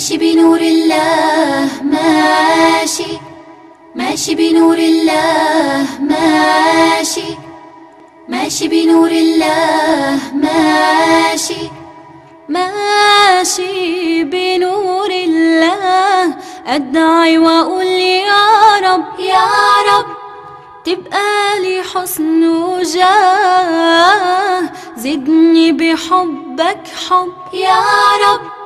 ماشي بنور الله ماشي ماشي بنور الله ماشي ماشي بنور الله ماشي ماشي بنور الله أدعي وأقول يا رب يا رب تبقى لي حسن وجاه زدني بحبك حب يا رب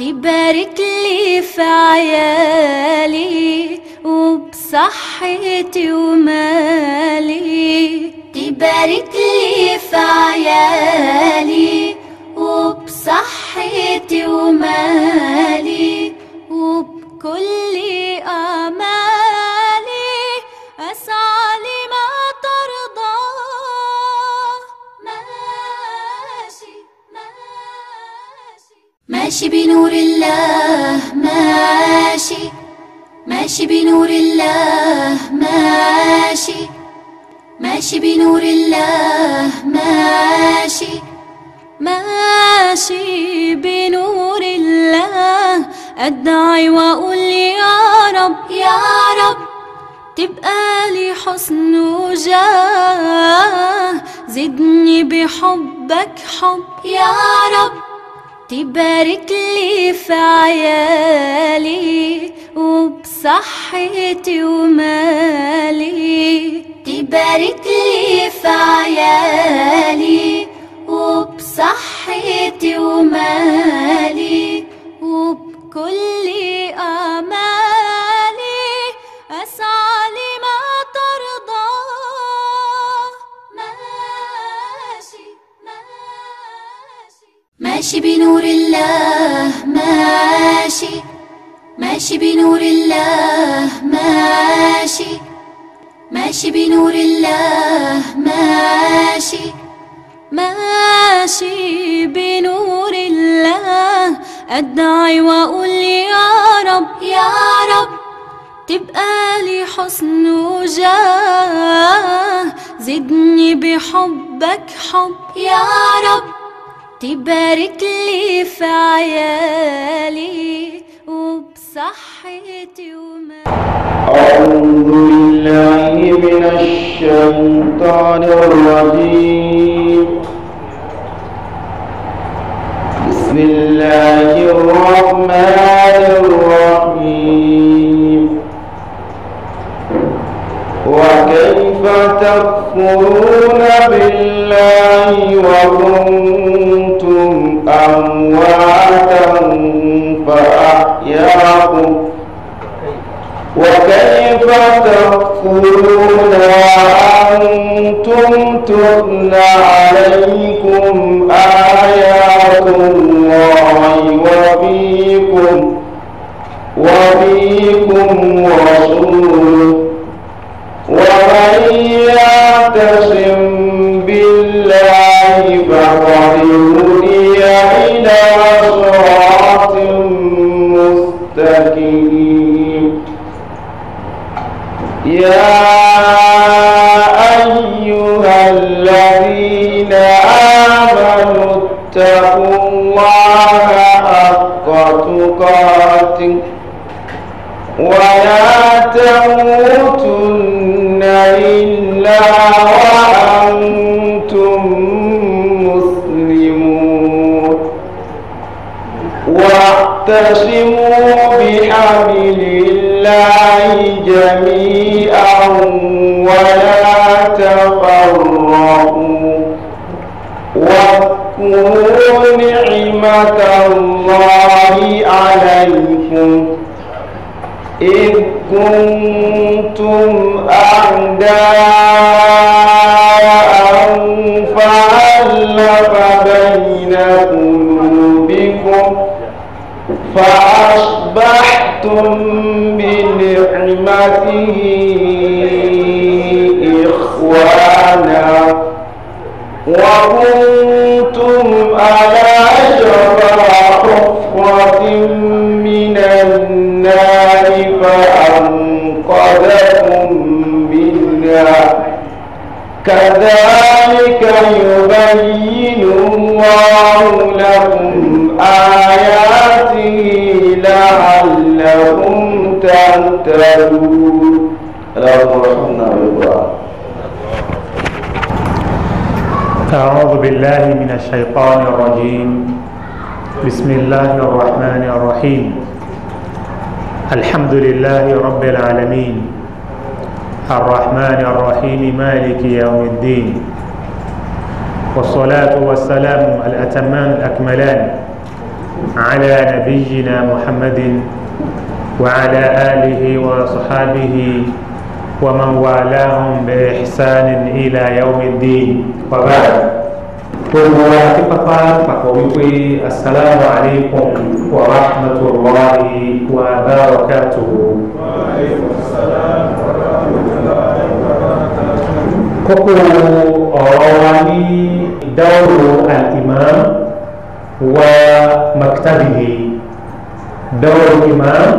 تبارك لي في عيالي وبصحتي ومالي تبارك لي في عيالي وبصحتي ومالي وبكل أمان ماشي بنور الله ماشي ماشي بنور الله ماشي ماشي بنور الله ماشي ماشي بنور الله أدعي وأقول يا رب يا رب تبقى لي حسن وجاه زدني بحبك حب يا رب تبارك لي في عيالي وبصحتي ومالي تبارك لي في عيالي وبصحتي ومالي وبكل أمان ماشي بنور الله ماشي ماشي بنور الله ماشي ماشي بنور الله ماشي ماشي بنور الله أدعي وأقول يا رب يا رب تبقى لي حسن وجاه زدني بحبك حب يا رب تبارك لي في عيالي وبصحتي وما أعوذ بالله من الشيطان الرجيم بسم الله الرحمن الرحيم وكيف تكفرون بالله وكنتم كنتم أمواتا فأحياكم وكيف تكفرون وأنتم تتلى عليكم مخلوقات ولا تموتن إلا وأنتم مسلمون واعتصموا بحبل الله جميعا ولا تفرقوا واذكروا نعمة الله الله عليكم إذ كنتم أعداء فألف بين قلوبكم فأصبحتم بنعمته كذلك يبين الله لهم آياته لعلهم تهتدون اللهم ارحمنا بالقرآن أعوذ بالله من الشيطان الرجيم بسم الله الرحمن الرحيم الحمد لله رب العالمين الرحمن الرحيم مالك يوم الدين والصلاة والسلام الأتمان الأكملان على نبينا محمد وعلى آله وصحابه ومن والاهم بإحسان إلى يوم الدين وبعد كل wa ti pátá papọ̀ wípé asalaamu alaykum kókó ọ̀rọ̀ wa ní ìdáwòrò al-imam wa maktabihi dáwòrò imam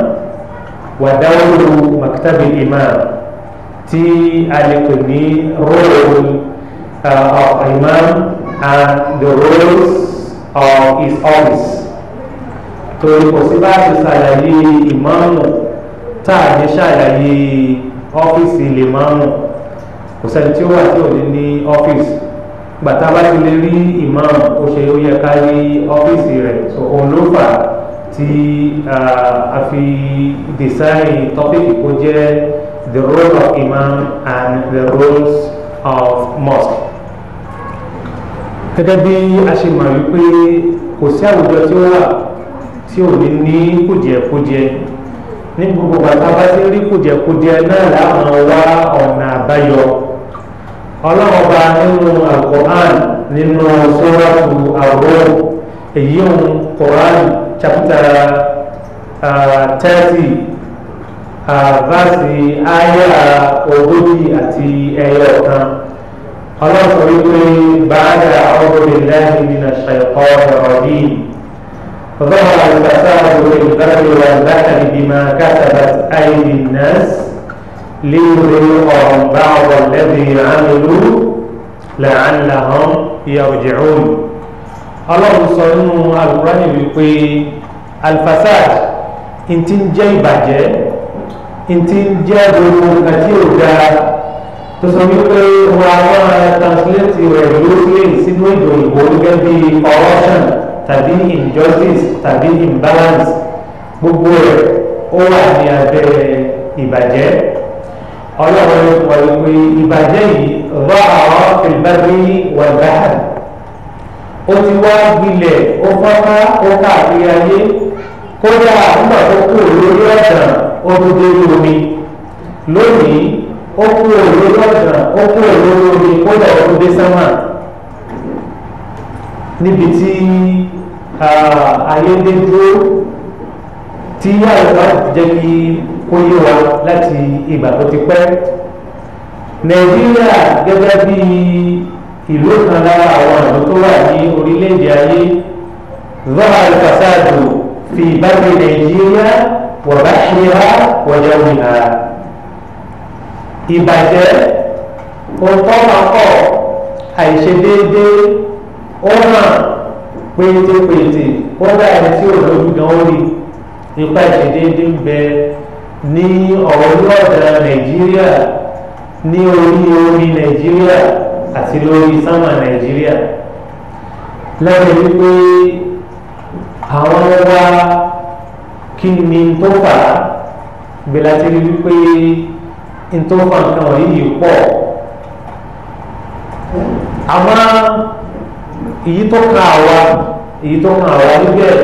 wa dáwòrò maktabi imam tí a lè pè ní role of imam and the roles of his office torí kò sí bá ṣe ṣàlàyé ìmáàmù tá a ní ṣàlàyé ọ́fíìsì lè máàmù kò sẹ́ni tí ó wà tí ò ní ní ọ́fíìsì gbàtà bá ti lè rí imam ó ṣe ó yẹ ká rí ọ́fíìsì rẹ̀ so òun ló fà tí a fi design topic kó jẹ́ the role of imam and the roles of mosque. gẹ́gẹ́ bí a ṣe mọ̀ wípé kò sí àwùjọ tí ó wà tí ò ní ní kùjẹ́kùjẹ́ ní gbogbo gbàtà bá ti rí kùjẹ́kùjẹ́ náà láwọn wá ọ̀nà àbáyọ ọlọ́run bá nínú alkoran nínú sọ́rọ́tù àwọ̀ èyí òun koran chapter thirty verse aya ogójì àti ẹyọ kan ọlọ́run sọ wípé báyà ọ̀rọ̀ lè lẹ́yìn nínú ṣàìkọ́ ọ̀rọ̀ yìí. ظهر الفساد في البر والبحر بما كسبت أيدي الناس ليذيقهم بعض الذي عملوا لعلهم يرجعون الله sọ nínú alukúránì wípé الفساد. ntí ń jẹ́ ìbàjẹ́ ntí ń jẹ́ gbogbo nǹkan tí ò dáa tó sọ wípé wọn a máa translate rẹ̀ lóṣìlẹ̀ sínú èdè òyìnbó gẹ́gẹ́ corruption tàbí injustice tàbí imbalance gbogbo rẹ̀ ó wà ní abẹ́ ìbàjẹ́ ọlọ́run wọ̀lùwì ìbàjẹ́ yìí rọ́ọ̀rọ́ fìlbẹ́rì wọ̀lbẹ́hàn ó ti wá gbilẹ̀ ó fọ́nká ó káàkiri ayé kódà nígbà tó kú olórí ọ̀sán ó tún dé lómi lónìí ó kú olórí ọ̀sán ó kú olórí omi kódà ó tún dé sánmà níbi tí ayé dé dúró tí yàrá jẹ́ kí kó yé wa láti ìgbà tó ti pẹ́ nàìjíríà gẹ́gẹ́ bí ìlú kan lára àwọn ìlú tó wà ní orílẹ̀-èdè ayé zọ́ọ̀ alifasádù fi ìbáṣe nàìjíríà wàbáṣíra wàjáwìhà ìbàjẹ́ òǹtọ́mọ̀kọ́ àìṣedéédé ó hàn péńtépéńté ó bá ẹni tí ò lójú gan ó rí ipa ìṣedéédé ń bẹ ní ọ̀wọ́lọ́dà nàìjíríà ní orí omi nàìjíríà àti lórí sánmà nàìjíríà lẹ́yìn wípé àwọn wá kí ni tó fà á gbẹlẹ́tì wípé tó fà nǹkan wọ̀nyí yìí pọ̀ àmọ́ èyí tó kàn wá èyí tó kàn wá níbẹ̀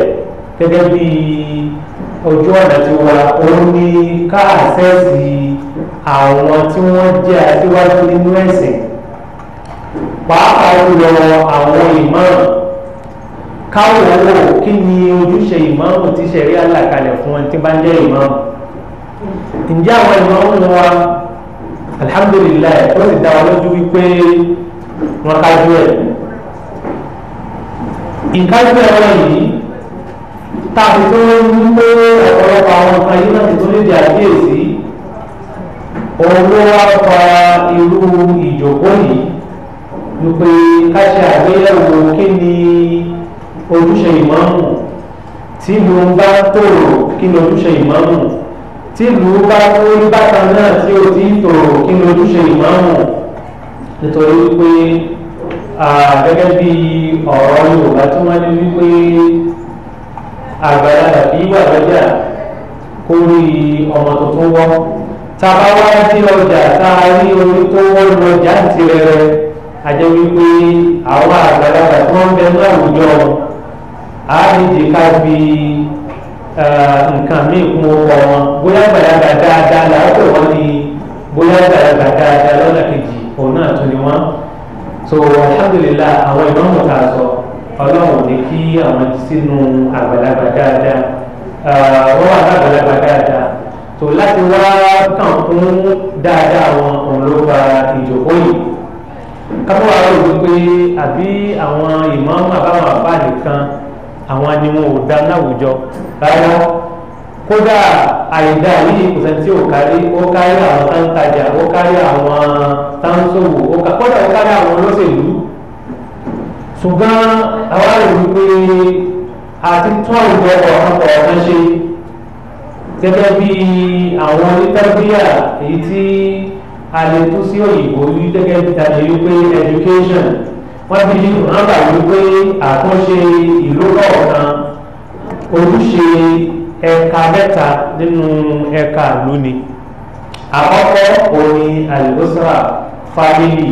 gẹ́gẹ́ bíi ojú ọ̀nà ti wà òun ni ká àṣẹ́sì àwọn tí wọ́n jẹ́ aṣíwájú nínú ẹ̀sìn pàápàá jùlọ àwọn ìmáàmù káwọ̀ owó kí ni ojúṣe ìmáàmù tí ṣẹ̀rí àlàkalẹ̀ fún wọn tí bá ń jẹ́ ìmáàmù ǹjẹ́ àwọn ìmáàmù wa alihamudulilayi ó sì dá wa lójú wípé wọn kájú ẹ̀ ìkájú ẹ̀ wọ̀nyí táàbí tó ń gbé ọ̀pọ̀lọpọ̀ àwọn nǹkan yìí láti tó lédè àkíyèsí òun ló wá fa irú ìjókòó yìí wípé ká ṣe àgbéyẹ̀wò kí ni ojúṣe ìmáàmù tí ìlú ń bá tòrò kí ni ojúṣe ìmáàmù tí ìlú bá wọlé bákan náà tí ó ti tòrò kí ni ojúṣe ìmáàmù nítorí wípé gẹ́gẹ́ bí ọ̀rọ̀ Yorùbá tí wọ́n ní wípé àgbàlagbà bí wà lọ́jà kó rí ọmọ tuntun wọ́ tàbá wá sí ọjà tá a rí orí tó wọ́n lọ́jà ti rẹ̀ àjẹ́ wípé àwọn àgbàlagbà tó ń bẹ ní àwùjọ á ní ti ká fi nǹkan míì kún ọkọ wọn bóyá àgbàlagbà dáadáa làákò wọn ni bóyá àgbàlagbà dáadáa lọ́nà kejì òun náà tún ni wọ́n so alhamdulillah àwọn ìdánwò tá a sọ ọlọ́run ní kí àwọn sínú àgbàlagbà dáadáa ah, wọ́n wà lágbàlagbà dáadáa tó láti wá tàn fún dáadáa wọn òun ló fa ìjòkó yìí kápẹ́ wàá rò wípé àbí àwọn ìmọ̀ọ́mù àbáwọn àbá nìkan àwọn ni wọn ò dá láwùjọ rárá kódà àìdá yìí kò sẹ́ni tí ò kárí ó kárí àwọn táǹtajà ó kárí àwọn táǹsòwò ó kárí àwọn olóṣèlú ṣùgbọ́n àwa rò wípé àti tún àwùjọ ọ̀kan kọ̀ọ̀kan ṣe gẹ́gẹ́ bí àwọn onítàbíyà èyí tí a lè tú sí òyìnbó rí gẹ́gẹ́ bí tàbí wípé education wọ́n ti ní nọ́mbà wípé àtúnṣe ìlú kọ̀ọ̀kan ojúṣe ẹ̀ka mẹ́ta nínú ẹ̀ka ìlú ni àkọ́kọ́ òní àlùbọ́sà fámìlì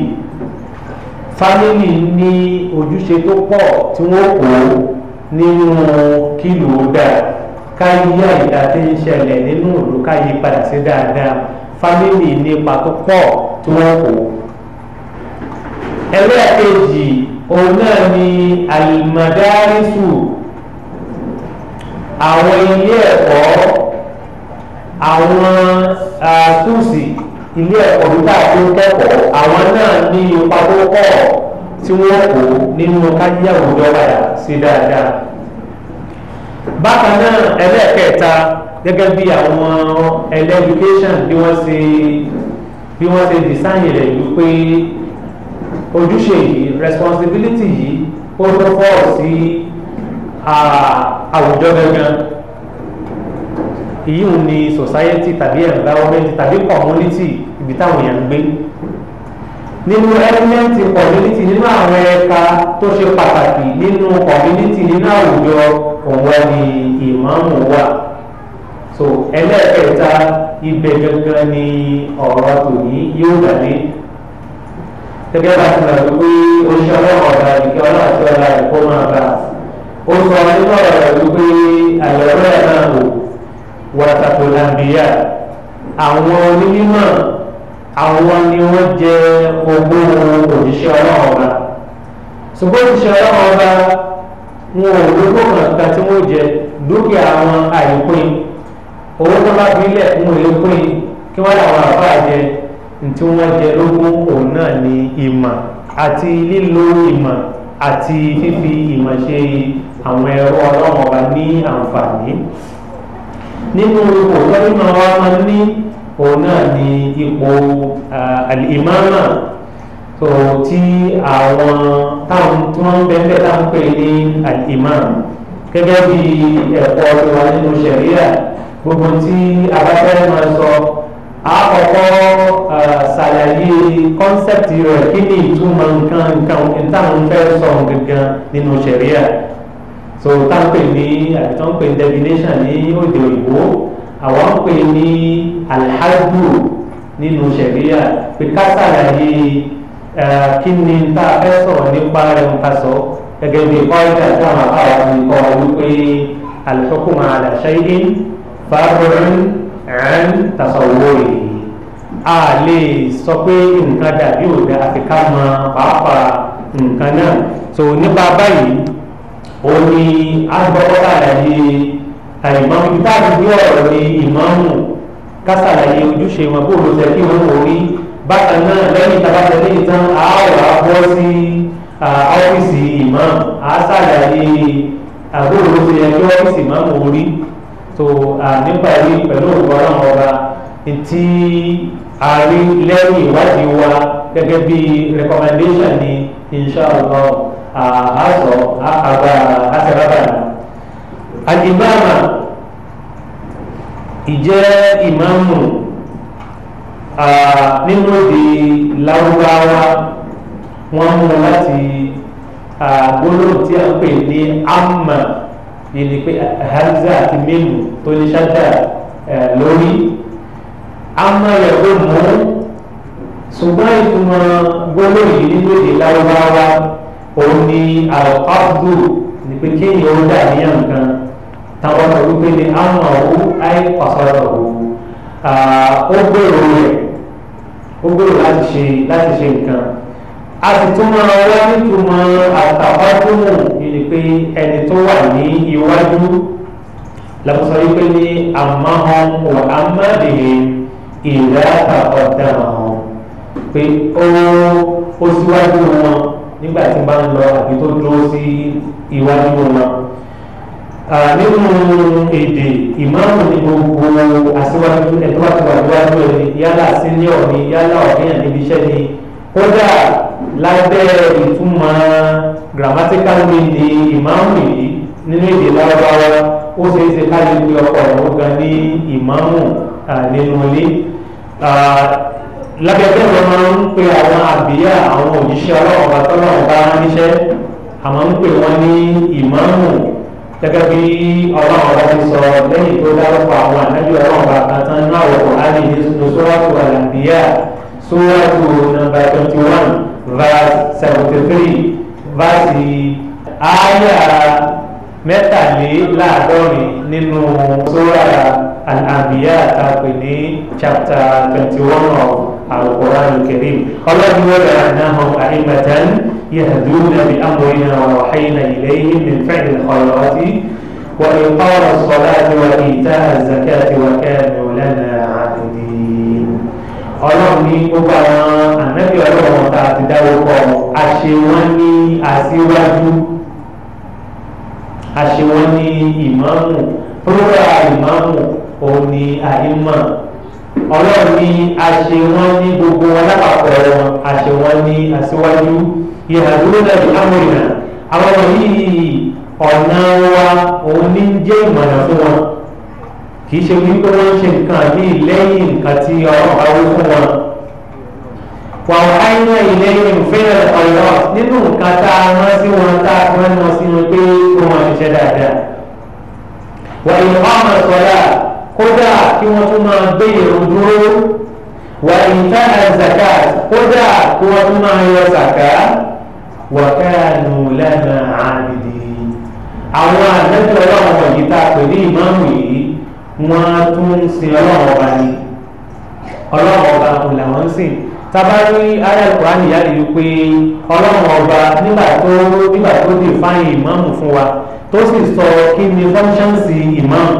fámìlì ní ojúṣe tó pọ̀ tí wọ́n kó nínú kílò dáa káyé àyíká tí ń ṣẹlẹ̀ nínú òdo káyé padà sí dáadáa fámìlì ní ipa tó pọ̀ tí wọ́n kó. ẹlẹ́ẹ̀kejì òun náà ni àlùmọ̀dárísù àwọn ilé ẹ̀kọ́ àwọn kùsì. Uh, ah, ilé ẹ̀kọ́ bí táà ti ń kẹ́kọ̀ọ́ àwọn náà ní ipa tó pọ̀ tí wọ́n kó nínú kájí àwùjọ wáyà sí dáadáa. bákan náà ẹlẹ́ẹ̀kẹta gẹ́gẹ́ bí àwọn ẹlẹ́dúkéṣàn bí wọ́n ṣe bí wọ́n ṣe dísáyìn rẹ̀ yìí pé ojúṣe yìí responsibility yìí ó tó fọ́ọ̀ sí àwùjọ gangan èyí ò ní society tàbí environment tàbí community ibi táwọn èèyàn ń gbé nínú element community nínú àwọn ẹ̀ka tó ṣe pàtàkì nínú community nínú àwùjọ òun ni ìmáàmù wà so ẹlẹ́ẹ̀kẹta ibẹ̀ gangan ni ọ̀rọ̀ tòní yóò dàdé gẹ́gẹ́ bá ti mọ̀ pé oṣù ọlọ́run ọ̀gá ìgbẹ́ ọlọ́run àti ọ̀la ẹ̀kọ́ máa bá a ó sọ nínú ọ̀rọ̀ rẹ̀ wípé àyẹ̀wò ẹ̀ náà wò. wàràtàtò àbíyá àwọn onímọ̀ àwọn ni wọ́n jẹ ogún òjíṣẹ́ ọlọ́run ọba ṣùgbọ́n òjíṣẹ́ ọlọ́run ọba wọn ò lówó kankan tí wọ́n jẹ dúkìá àwọn àìpín owó tó bá bílẹ̀ wọn ò lè pín kí wọ́n làwọn jẹ ni ìmọ̀ àti lílo ìmọ̀ àti fífi ìmọ̀ ṣe àwọn ẹ̀rọ ọlọ́run ọba ní àǹfààní. nínú òkè nínú wa máa ní òun náà ní ipò alìmọ́mà tó tí àwọn táwọn tí wọ́n ń bẹ́ẹ̀ táwọn pè ní alìmọ́m gẹ́gẹ́ bí ẹ̀kọ́ tó wà nínú ṣẹ̀ríà gbogbo tí abáfẹ́ máa sọ àkọ́kọ́ ṣàlàyé kọ́nsẹ́pì rẹ̀ kí ni ìtumọ̀ nǹkan nǹkan táwọn fẹ́ sọ gangan nínú ṣẹ̀ríà so táǹpè ní àbí táǹpè ní definition ní òde òyìnbó àwọn ń pè ní alhadu nínú sẹ̀ríà pé ká ṣàlàyé kí ni tá a fẹ́ sọ̀rọ̀ nípa rẹ̀ ń ká sọ gẹ́gẹ́ bí kọ́ńtà tí àwọn àbáwá ti kọ́ wípé alhukuma ala shay'in farun an tasawwuri a lè sọ pé nǹkan dàbí òde àfikà mọ pàápàá nǹkan náà so nípa báyìí òní agbọ́kọ́tà àlàyé àìmọ́mù ibi táàbù bí ọ̀rọ̀ ni ìmáàmù kásàlàyé ojúṣe wọn bó ló tẹ̀ kí wọ́n wò rí bákan náà lẹ́yìn tabata lẹ́yìn tán àárọ̀ àbọ̀ sí ọ́fíìsì ìmáàmù àásàlàyé àbó ló ti yẹ kí ọ́fíìsì ìmáàmù orí tó nípa ìwé pẹ̀lú òwúrọ̀ náà ọba tí a rí lẹ́yìn ìwádìí wa gẹ́gẹ́ bí recommendation ni inshallah àásọ àgbára àṣẹlábàrà àdìbàmà ìjẹ́ ìmáàmù nínú èdè lárúbáwá wọ́n mú láti gbólóhùn tí a ń pè ní amma yìí pé hamza àti mímu tó ní ṣáda lórí amma yẹ kó mú ṣùgbọ́n ìtumọ̀ gbólóhùn yìí nínú èdè lárúbáwá òun ni àlùfáàdù ni pé kéèyàn ó dà níyàn kan táwọn ọ̀rọ̀ wípé ni àwọn ọ̀hún áì pàṣọ̀rọ̀ ọ̀hún ó gbèrò rẹ̀ ó gbèrò láti ṣe láti ṣe nǹkan a sì tún máa wá nítumọ̀ àtàwádùnmù ni pé ẹni tó wà ní iwájú lọ́sọ̀ wípé ni àmọ́hàn kò àmọ́dìrí ìlà àtàkọ̀dà hàn pé ó ó síwájú wọn nígbà tí bá ń lọ àbí tó dúró sí iwájú wọn nínú èdè ìmáàmù ní gbogbo aṣíwájú ẹ̀tọ́wájú àdúrájú ẹni yálà senior ni yálà ọ̀gbìyàn níbi iṣẹ́ ni kódà lábẹ́ ìtumọ̀ grammatical meaning ìmáàmù yìí nínú èdè lárúbáwá ó ṣeé ṣe ká lè pe ọkọ̀ ọ̀hún gan ní ìmáàmù nínú ilé lábẹ́tẹ́ ló máa ń pe àwọn àbíyá àwọn òjíṣẹ́ ọlọ́run bá tọ́lọ́run bá níṣẹ́ àmọ́ ń pè wọ́n ní ìmáàmù gẹ́gẹ́ bí ọlọ́run bá ti sọ lẹ́yìn tó dárúkọ àwọn ànájú ọlọ́run bá kan tán náà wọ̀ áyè nínú sóràtù àlàbíyá sóràtù nàmbà twenty one verse seventy three verse àyà mẹ́tàléláàádọ́rin nínú sórà àlàbíyá tá a pè ní chapter twenty one of. القرآن الكريم قالت وجعلناهم أئمة يهدون بأمرنا ووحينا إليهم من فعل الخيرات وإقام الصلاة وإيتاء الزكاة وكانوا لنا عابدين قالوا لي النبي عليه الصلاة والسلام داوكم أشواني أسواني أشواني إمام فرع إمام أوني أئمة ọlọ́run ní àṣẹ wọn ní gbogbo wọn lápapọ̀ wọn àṣẹ wọn ní aṣíwájú ìhàdúró náà di amòyìnà àwọn yìí ọ̀nà wa òun ní jẹ́ ìmọ̀nà fún wọn kì í ṣe wípé wọ́n ń ṣe nǹkan ní lẹ́yìn nǹkan tí ọ̀rọ̀ wí fún wọn wàá iná ilé ìfẹ́lẹ̀ ọ̀yọ́ nínú nǹkan tá a rán sí wọn tá a rán wọn pé kó wọn ṣiṣẹ́ dáadáa wà ìfọ́mọ̀ sọ́dà kódà kí wọ́n tún máa gbé èrò dúró wà ìta zakat kódà kí wọ́n tún máa yọ zaka wà káànù lẹ́nà àbìdì àwọn àdẹ́tò ọlọ́run wọ̀nyí tá a pè ní ìmáàmù yìí wọ́n tún ń sin ọlọ́run ọba ni ọlọ́run ọba kò làwọn ń sìn tabari ayé kuran ìyá yìí pé ọlọ́run ọba nígbà tó nígbà tó dé fáyìn ìmáàmù fún wa tó sì sọ kí ni fọ́nṣánsì ìmáàmù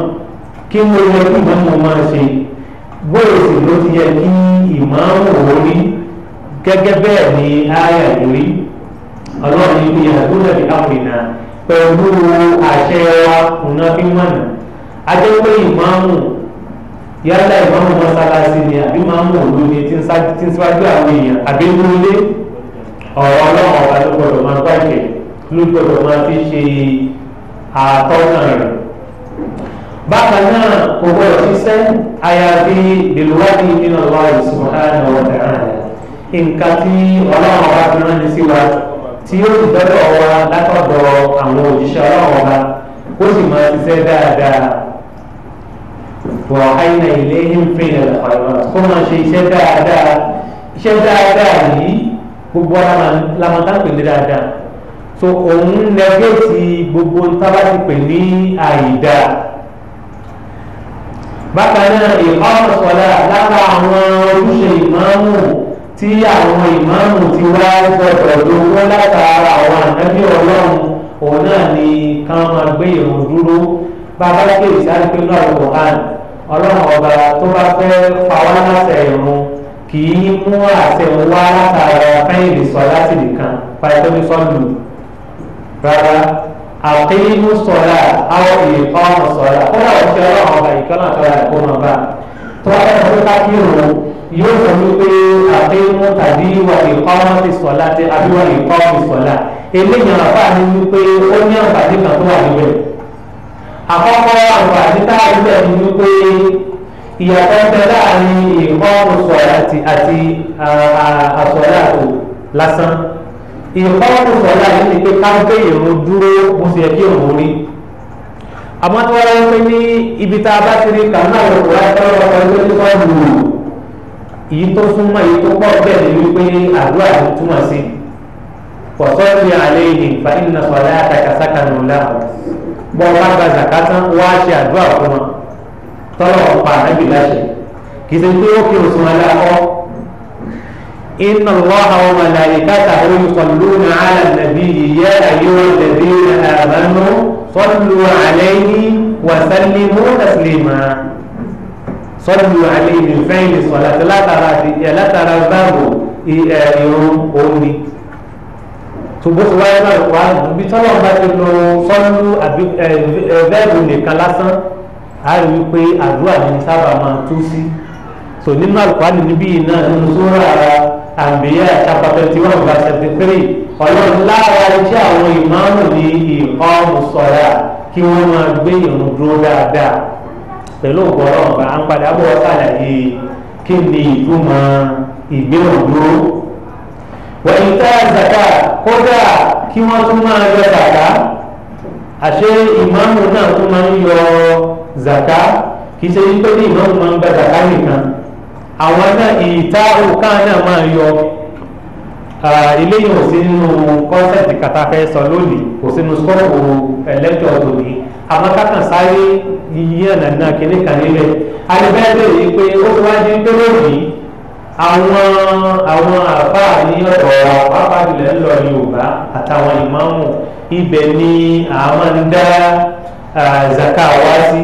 kí ló yẹ kí ìmáàmù máa ṣe bóyèsì ló ti yẹ kí ìmáàmù orí gẹ́gẹ́ bẹ́ẹ̀ ni àyà lórí ọlọ́run ibi àdúrà ní àpìnà pẹ̀lú àṣẹ wa kùnà bí mọ̀nà ajẹ́ pé ìmáàmù yálà ìmáàmù mọ́sálásí ni àbí ìmáàmù òlu ni tí ń síwájú àwọn èèyàn àbí lóde ọ̀rọ̀ ọlọ́run ọ̀gá ló gbọdọ̀ máa gbàgbé ló gbọdọ̀ máa fi ṣe àtọ́nà rẹ̀ bákan náà kò gbọdọ̀ ṣiṣẹ́ àyàfi bìlúwádìí nínú ọlọ́run subhanahu wa ta'ala nǹkan tí ọlọ́run ọba fi ránni sí wa tí yóò sì dọ́dọ̀ wa látọ̀dọ̀ àwọn òjíṣẹ́ ọlọ́run ọba ó sì máa ṣiṣẹ́ dáadáa wọ àyìnà ilé ìfìlẹ̀ ọ̀rọ̀ kó máa ṣe iṣẹ́ dáadáa iṣẹ́ dáadáa yìí gbogbo lamọ̀tàpẹ̀ ní dáadáa so òun nẹgẹ́tì gbogbo tábàtì pè ní àìdáa bákan náà ìkọ́sọ̀ sọ̀lá lára àwọn ojúṣe ìmáàmù tí àwọn ìmáàmù ti wá gbọdọ̀ lówó látara àwọn ànábì ọlọ́run òun náà ni ká máa gbé ìrun dúró bàbá gbé ìsáré pé náà kò hàn ọlọ́run ọba tó bá fẹ́ pa wá láṣẹ ìrun kì í mú àṣẹ wá látara fẹ́yìntì sọ láti nìkan pàtó rárá àkéyìmú sọlá àwọn ìkọ́ sọlá kódà òṣìṣẹ́ ọlọ́run ọba ìkọ́nà sọlá ẹ̀kọ́ náà bá tọ́lá ẹ̀kọ́ kákírù yóò sọ wípé àkéyìmú tàbí wà ìkọ́ ti sọlá tí àbí wà ìkọ́ ti sọlá eléyìí àbá ni wípé ó ní àǹfààní kan tó wà níbẹ̀ àkọ́kọ́ àǹfààní tá a níbẹ̀ ni wípé ìyàtọ̀ ń bẹ láàrin ìkọ́ sọlá àti àsọlá lásán ìkọ́kù sọ̀lá yìí ni pé káńpé ìrún dúró mo sì yẹ kí òun rí àmọ́ tí wọ́n rán pé ní ibi tá a bá ti rí kàánú àwọn òkúra tọ́lọ́ ọkọ̀ ẹgbẹ́ tó bá wù ú èyí tó súnmọ́ èyí tó pọ̀ bẹ́ẹ̀ ni wípé àdúrà ló túmọ̀ sí fọ̀sọ́ọ̀tì àlẹ́ ìdè fàínà sọ̀lá àtàkàsákà nù láàbù bọ́ ọba gba zakatan wá ṣe àdúrà fún wọn tọ́lọ̀ ọ̀pá ànábì láṣẹ kì í ṣe pé ó kí òṣùwọ̀n lákọ́ إن الله وملائكته يصلون على النبي يا أيها الذين آمنوا صلوا عليه وسلموا تسليما صلوا عليه من فعل الصلاة لا ترى لا ترى باب يوم أمي tòbóso wáyé náà wá bí tọ́lọ́mù bá ti lo sọ́nù àbí bẹ́ẹ̀lù nìkan lásán a rí i pé àdúrà ní sábà máa tú sí so nínú àlùkò àdìní bíi náà nínú sóra ara àǹbíyà chapter twenty one verse seventy three ọlọ́run lára iṣẹ́ àwọn ìmáàmù ní ìkọ́ mùsọ̀lá kí wọ́n máa gbé ìrun dúró dáadáa pẹ̀lú ògbọ́rọ̀ ọ̀gá à ń padà bọ̀ sàlàyé kí ni ìtumọ̀ ìgbéhùn dúró. wẹ̀yìn tá zaka kódà kí wọ́n tún máa yọ zaka àṣé ìmáàmù náà tún máa ń yọ zaka kì í ṣe wípé ní ìmáàmù máa ń gba zaka nìkan àwọn náà ìta òkà náà máa yọ eléyìí ò sí nínú kọ́nsẹ́ẹ̀tì kàtà fẹ́ sọ lónìí kò sínú sọ́ọ̀bù ẹlẹ́jọ́ tòní àwọn kákan sáré yíyí ànàdínà kínní kan nílẹ̀ alẹ́bẹ̀rẹ̀ yìí pé ó ti wájú pé lónìí àwọn àwọn àbá ní pápá ilẹ̀ ńlọ Yorùbá àtàwọn ìmáàmù ibẹ̀ ni àwọn ń dá zaka sí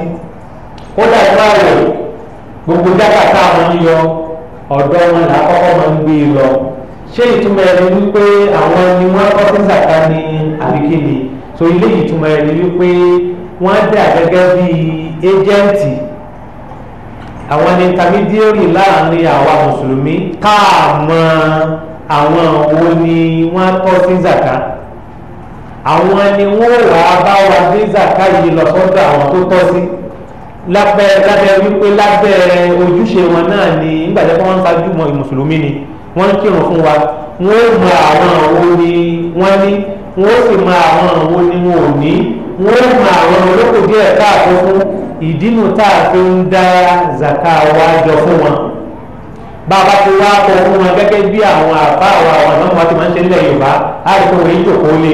kódà ìmáàmù gbogbo dábàá táwọn ń yọ ọ̀dọ́ wọn là kọ́kọ́ máa ń gbé e lọ ṣé ìtumọ̀ ẹni wípé àwọn ni wọ́n kọ́ sí zaka ní àbíkíni so ilé ìtumọ̀ ẹni wípé wọ́n dà gẹ́gẹ́ bí ẹjẹ́ǹtì àwọn intermediary láàrin àwa mùsùlùmí káàmọ́ àwọn wo ni wọ́n kọ́ sí zaka àwọn ni wọ́n wàá bá wa gbé zaka yìí lọ sọ́dọ̀ àwọn tó tọ́ sí. So, lábẹ́ lábẹ́ wípé lábẹ́ ojúṣe wọn náà ni nígbà tí wọ́n ń fajú mọ́ ìmùsùlùmí ni wọ́n ń kírun fún wa wọ́n mọ àwọn òwò ni wọ́n ní wọ́n sì mọ àwọn òwò ni wọn ò ní wọ́n mọ àwọn olóko díẹ̀ káàkó fún ìdínú tá a fi ń dá zaka wa jọ fún wọn bàbá tó wá kọ fún wọn gẹ́gẹ́ bí àwọn àbá àwọn àwọn àmọ́ wọn ti máa ń ṣe nílẹ̀ Yorùbá á rí pé wọ́n ń jòkó lé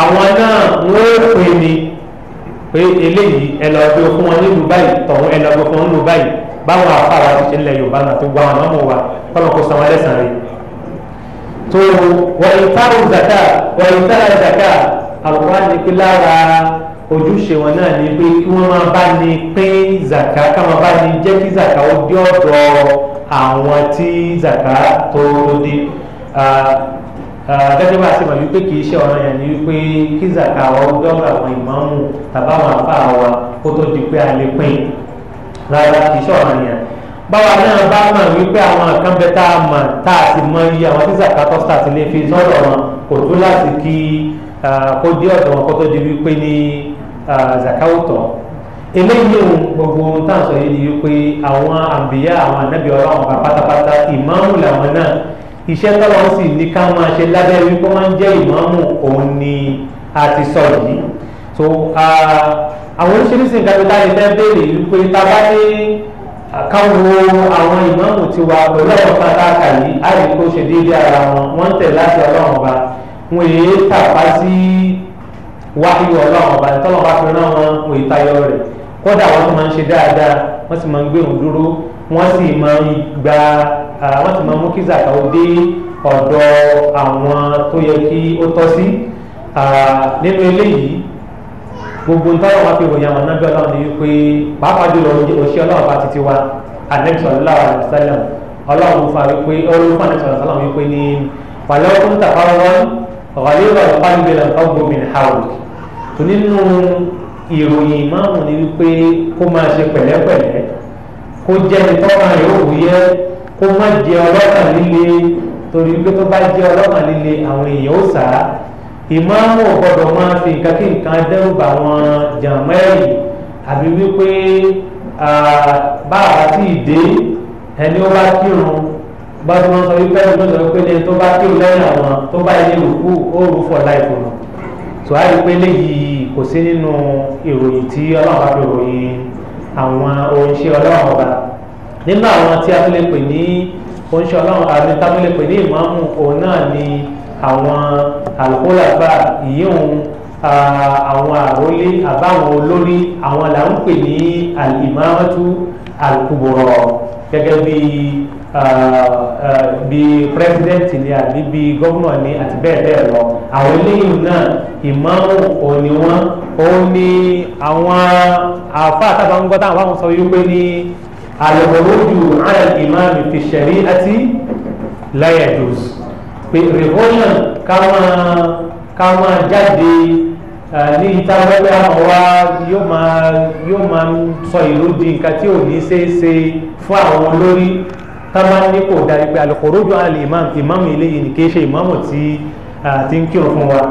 àwọn náà wọ́n pè ní pé eléyìí ẹ lọ gbé fún wọn nílùú báyìí tọ̀hún ẹ lọ gbé fún wọn nílùú báyìí báwọn afárá ti ṣe ń lẹ yorùbá náà tó gba àwọn ọmọ wa kọ́nà kó san wọn lẹ́sàn-án rẹ̀ tó wọ ìtàrù zaka wọ ìtàrù zaka àwọn ni pé lára ojúṣe wọn náà ni pé kí wọ́n máa bá ní pín zaka káwọn bá ní jẹ́ kí zaka ó dé ọ̀dọ̀ àwọn tí zaka tó dé. Ah, gẹ́gẹ́ bá a ṣe mọ̀ wípé kì í ṣe ọ̀ràn yẹn ni wípé kí zaka ọgbẹ́ ọ̀rọ̀ àwọn ìmáàmù tàbáwọn afá wa kó tó di pé a lè pín rárá kì í ṣe ọ̀ràn yẹn báwa náà bá mọ̀ wípé àwọn kan bẹ tá a mọ̀ tá a sì mọ iye àwọn tí zaka tọ́sítà ti lè fi sọ́dọ̀ wọn kò tó láti kí kó dé ọ̀dọ̀ wọn kó tó di wípé ní zakawutọ̀ eléyìí ohun gbogbo ohun sọ yìí ni wípé àwọn àǹbíyá àwọn iṣẹ́ tọ́lọ́wọ́ sì ní ká máa ṣe lábẹ́ wípé máa ń jẹ́ ìmáàmù òun ni a ti sọ yìí so àwọn oríṣiríṣi nǹkan tó dáre fẹ́ béèrè wípé tá a bá ní káwo àwọn ìmáàmù tiwa pẹ̀lú àwọn pátákà yìí á rí kó ṣe déédé ara wọn wọ́n tẹ̀ láti ọlọ́run ọba wọn èé tàpá sí wáyé ọlọ́run ọba tọ́lọ́ba fi rán wọn wọn ìtayọ rẹ̀ kódà wọn tó máa ń ṣe dáadáa wọ́n sì máa ń gbé òun dúró wọ́n sì máa ń gba wọ́n sì máa mú kí zaka ó dé ọ̀dọ̀ àwọn tó yẹ kí ó tọ́ sí nínú eléyìí gbogbo ntọ́lọ́ wọn fi ròyìn àwọn anábẹ́ ọlọ́run ni wípé pàápàá jùlọ òṣìṣẹ́ ọlọ́run bá ti ti wa anẹ́tọ̀ ọlọ́run sẹ́lẹ̀m ọlọ́run fa wípé ọlọ́run fún anẹ́tọ̀ ọlọ́run wípé ní pàlẹ́ ọkùnrin tàbá wọn ọ̀rẹ́ ìwà ìpàdé lọ́wọ́ ọgbọ̀n hàwù tó nínú ìròyìn ìmáàmù ni wípé kó máa ṣe pẹ̀lẹ́pẹ̀lẹ́ kó jẹ́ ní tọ́ka yóò wúyẹ́ kó má jẹ ọlọ́kàn líle torí wípé tó bá jẹ ọlọ́kàn líle àwọn èèyàn ó sá ìmáàmù ò gbọdọ̀ máa fi nǹkan kí nǹkan dẹ́rù bà wọn jàmẹ́rì àbí wípé báwa sì dé ẹni ó bá kírun bá tí wọ́n sọ wípé ẹni tó sọ wípé ẹni tó bá kírun lẹ́yìn àwọn tó bá ilé òkú ó rú fọ̀ láì fún un tó a rí pé léyìí kò sí nínú ìròyìn tí ọlọ́run bá fi ròyìn àwọn ohun ọlọ́run ọba nínú àwọn tí a tún lè pè ní oníṣẹ́ ọlọ́run àbí tá a tún pè ní ìmáàmù òun náà ni àwọn àlùkòlàgbà ìyíhun àwọn àrólé àbáwọn olórí àwọn là ń pè ní àlìmáàmátú àlùkùbọ̀rọ̀ gẹ́gẹ́ bí bí president ni àbí bí gómìnà ni àti bẹ́ẹ̀ bẹ́ẹ̀ lọ àwọn eléyìí náà ìmáàmù òun ni wọ́n òun ni àwọn àfa àtàbà ń gbọ́ táwọn bá wọn sọ wípé ní al-khuruju ala al-imam fi shari'ati la yajuz pé revolution ká máa ká máa jáde ní ìta wẹ́wẹ́ àwọn wa yóò máa yóò máa sọ ìlú di nǹkan tí ò ní ṣe é ṣe fún àwọn olórí tábà ní kò darí pé al-khuruju ala al-imam eléyìí ni kì í ṣe ti ń kírun fún wa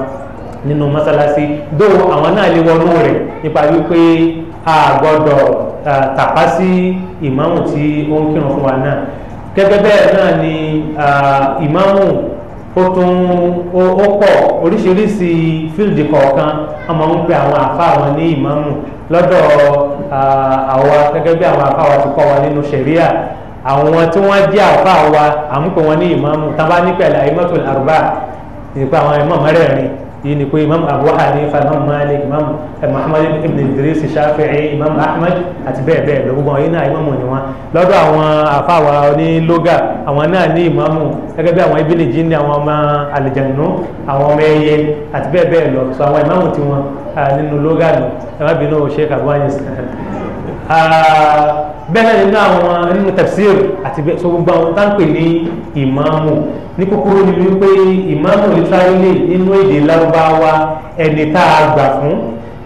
nínú mọ́sálásí dó àwọn náà lè wọnú rẹ̀ nípa wípé a gbọ́dọ̀ tàpá sí ìmáàmù tí ó ń kírun fún wa náà gẹ́gẹ́ bẹ́ẹ̀ náà ni ìmáàmù ó tún ó pọ̀ oríṣiríṣi fíìlì kọ̀ọ̀kan ọmọ ń pe àwọn àfa wọn ní ìmáàmù lọ́dọ̀ àwa gẹ́gẹ́ bí àwọn àfa wa ti kọ́ wa nínú ṣẹ̀ríà àwọn tí wọ́n jẹ́ àfa wa à ń pè wọ́n ní ìmáàmù tábà nípẹ̀lẹ̀ àyímọ́tò àrùbá nípa àwọn ìmáàmù mẹ́rẹ̀ẹ̀rin yìí ni pé imam abu hanifa imam malik imam eh, muhammad ibn idris shafi'i imam ahmed àti bẹ́ẹ̀ bẹ́ẹ̀ lọ gbogbo àwọn yìí náà imam ni wọn lọ́dọ̀ àwọn afáwa ní lóga àwọn náà ní imam gẹ́gẹ́ bí àwọn ibn jinni àwọn ọmọ alìjẹ̀nu àwọn ọmọ ẹyẹ àti bẹ́ẹ̀ bẹ́ẹ̀ lọ sọ àwọn imam tiwọn ah, nínú lóga nù ẹ̀ má bínú sheikh abu hanifa. Ah, bẹ́ẹ̀ nínú àwọn nínú tafsir àti sọ gbogbo àwọn táǹpì ní ìmáàmù ní kúkúrú ni wípé ìmáàmù literally nínú èdè lárúbáwá ẹni tá a gbà fún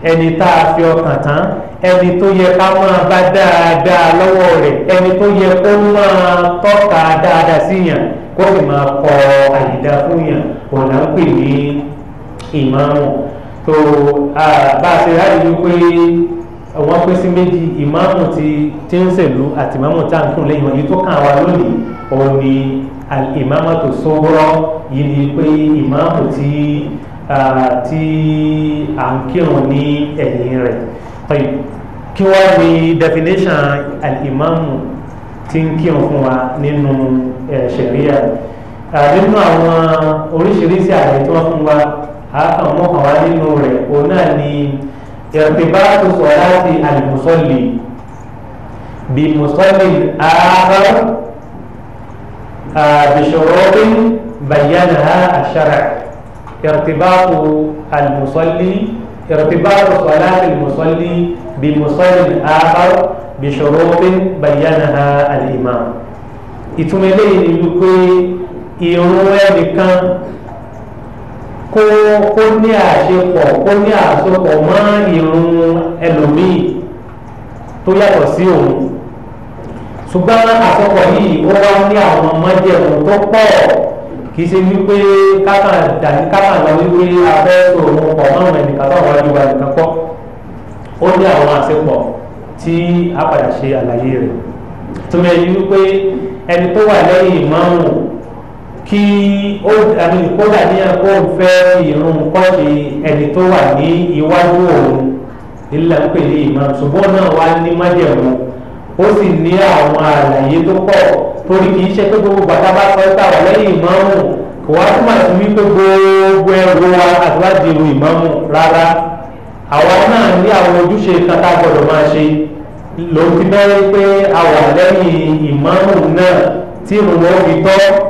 ẹni tá a fi ọkàn tán ẹni tó yẹ ká máa bá dáadáa lọ́wọ́ rẹ̀ ẹni tó yẹ kó máa tọ́ka dáadáa síyàn kó sì máa kọ àyídá fún yàn ọ̀nà ń pè ní ìmáàmù tó ah, bá a ṣe ráyè wípé wọ́n pín sí méjì ìmáàmù ti tẹ́ńsẹ̀lú àti ìmáàmù tá à ń kúrò lẹ́yìn wọn èyí tó kàn wá lónìí òun ni ìmáàmù tó sọ́wọ́rọ́ yìí ni pé ìmáàmù tí à ń kírun ní ẹ̀yìn rẹ̀ kí wọ́n ní definition ìmáàmù tí ń kírun fún wa nínú ṣẹ̀ríyà nínú àwọn oríṣiríṣi àlàyé tí wọ́n fún wa àákàn mọ́kànlá nínú rẹ̀ òun náà ni. ارتباط صلاة المصلي بمصلي آخر آه، بشروط بينها الشرع ارتباط المصلي ارتباط صلاة المصلي بمصلي آخر بشروط بينها الإمام إتمنى أن يكون يوم kó kó ní àṣepọ̀ kó ní àsopọ̀ mọ́ irun ẹlòmíì tó yàtọ̀ sí òun ṣùgbọ́n àsopọ̀ yìí ó wá ní àwọn májẹ̀mú tó pọ̀ kì í ṣe wípé kákan dàbí kákan lọ wípé abẹ́ òun pọ̀ mọ́rùn ẹnìkan tó wà wájú wa nìkan kọ́ ó ní àwọn àṣepọ̀ tí a padà ṣe àlàyé rẹ̀ tó mẹ́rin wípé ẹni tó wà lẹ́yìn ìmáàmù kí ó àmì kódà ní ẹ̀kọ́ fẹ́ irun kọ́ọ̀tì ẹni tó wà ní iwájú òun nílẹ̀ ń pè ní ìmọ̀ ṣùgbọ́n náà wá ní májẹ̀mú ó sì ní àwọn àlàyé tó pọ̀ torí kì í ṣe pé gbogbo bàtà bá sọ pé àwọn lẹ́yìn ìmáàmù kò wá túmọ̀ sí wípé gbogbo ẹrù wa àtiwájú ìlú ìmáàmù rárá àwa náà ní àwọn ojúṣe kátà gbọdọ̀ máa ṣe lòun ti bẹ́ẹ̀ pé àwọn lẹ́yìn ìmáàmù náà tí ìrùn wọn fi tọ́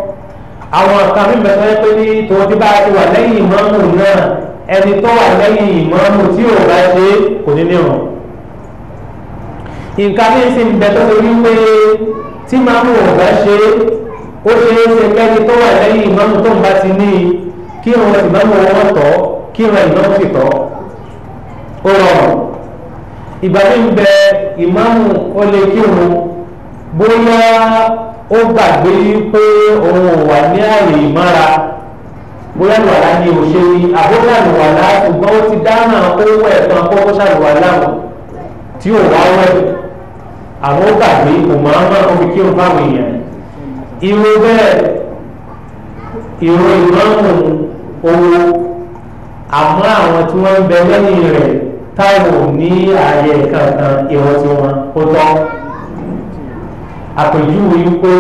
àwọn kan mi bẹ̀rẹ̀ pé ní tòun ti bá ti wà lẹ́yìn ìmọ̀ọ́mù náà ẹni tó wà lẹ́yìn ìmọ̀ọ́mù tí ò bá ṣe kò ní ní ọ̀run. nǹkan mi sì ń bẹ tó lórí pé tí màmú ò bá ṣe ó ṣe é ṣe lẹ́ni tó wà lẹ́yìn ìmọ̀ọ́mù tó ń bá ti ní i kí ìran ìmọ̀ọ́mù wọn tọ̀ kí ìran ìmọ̀ọ́mù sì tọ̀ ó rọrùn. ìgbà mi ń bẹ ìmọ̀ọ́mù ó lè kírun bóyá ó gbàgbé pé òun ò wà ní àyè ìmọ́ra bóyá lùwàlá ni ò ṣe ni àbúrò àlùwàlá ṣùgbọ́n ó ti dáná owó ẹ̀kan kó kó ṣàlùwàlá wọn tí ò wá wẹ̀ àwọn ó gbàgbé òmàmá omi kí ó báwọn èèyàn irú bẹ́ẹ̀ irú ìmọ̀ọ́mù owó àmọ́ àwọn tí wọ́n ń bẹ lẹ́yìn rẹ̀ táwọn ò ní ààyè kankan ìwọ́n tí wọ́n ó tọ́ àpèjúwe wípé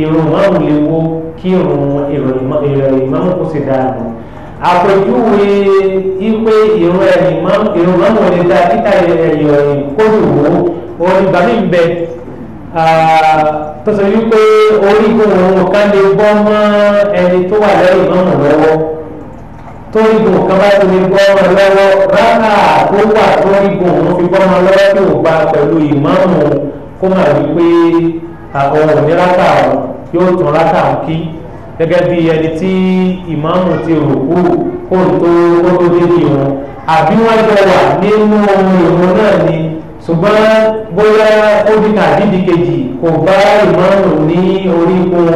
ìrun márùn lè wo kí ìrun ìròyìn márùn kò sì dáa nù àpèjúwe wípé ìrun ẹ̀yìn márùn lè dáa kíta ẹ̀yìn ọ̀yìn kó sì wò ó orí bàmí ń bẹ tó sọ wípé orígun òun kan lè bọ́ mọ́ ẹni tó wà lẹ́yìn márùn lọ́wọ́ tórígun kan bá ti lè bọ́ ọmọ lọ́wọ́ rákà tó wà tórígun òun fi bọ́ ọmọ lọ́wọ́ tó gbà pẹ̀lú ìmáàmù kó má rí pé àwọn òní rákà yóò tún rákà kí gẹ́gẹ́ bí ẹni tí ìmáàmù ti rò kú kó tó kó tó dé ní wọn àbí wọ́n jọ wà nínú ìrun náà ni ṣùgbọ́n bóyá ó di kàdídì kejì kò bá ìmáàmù ní orígun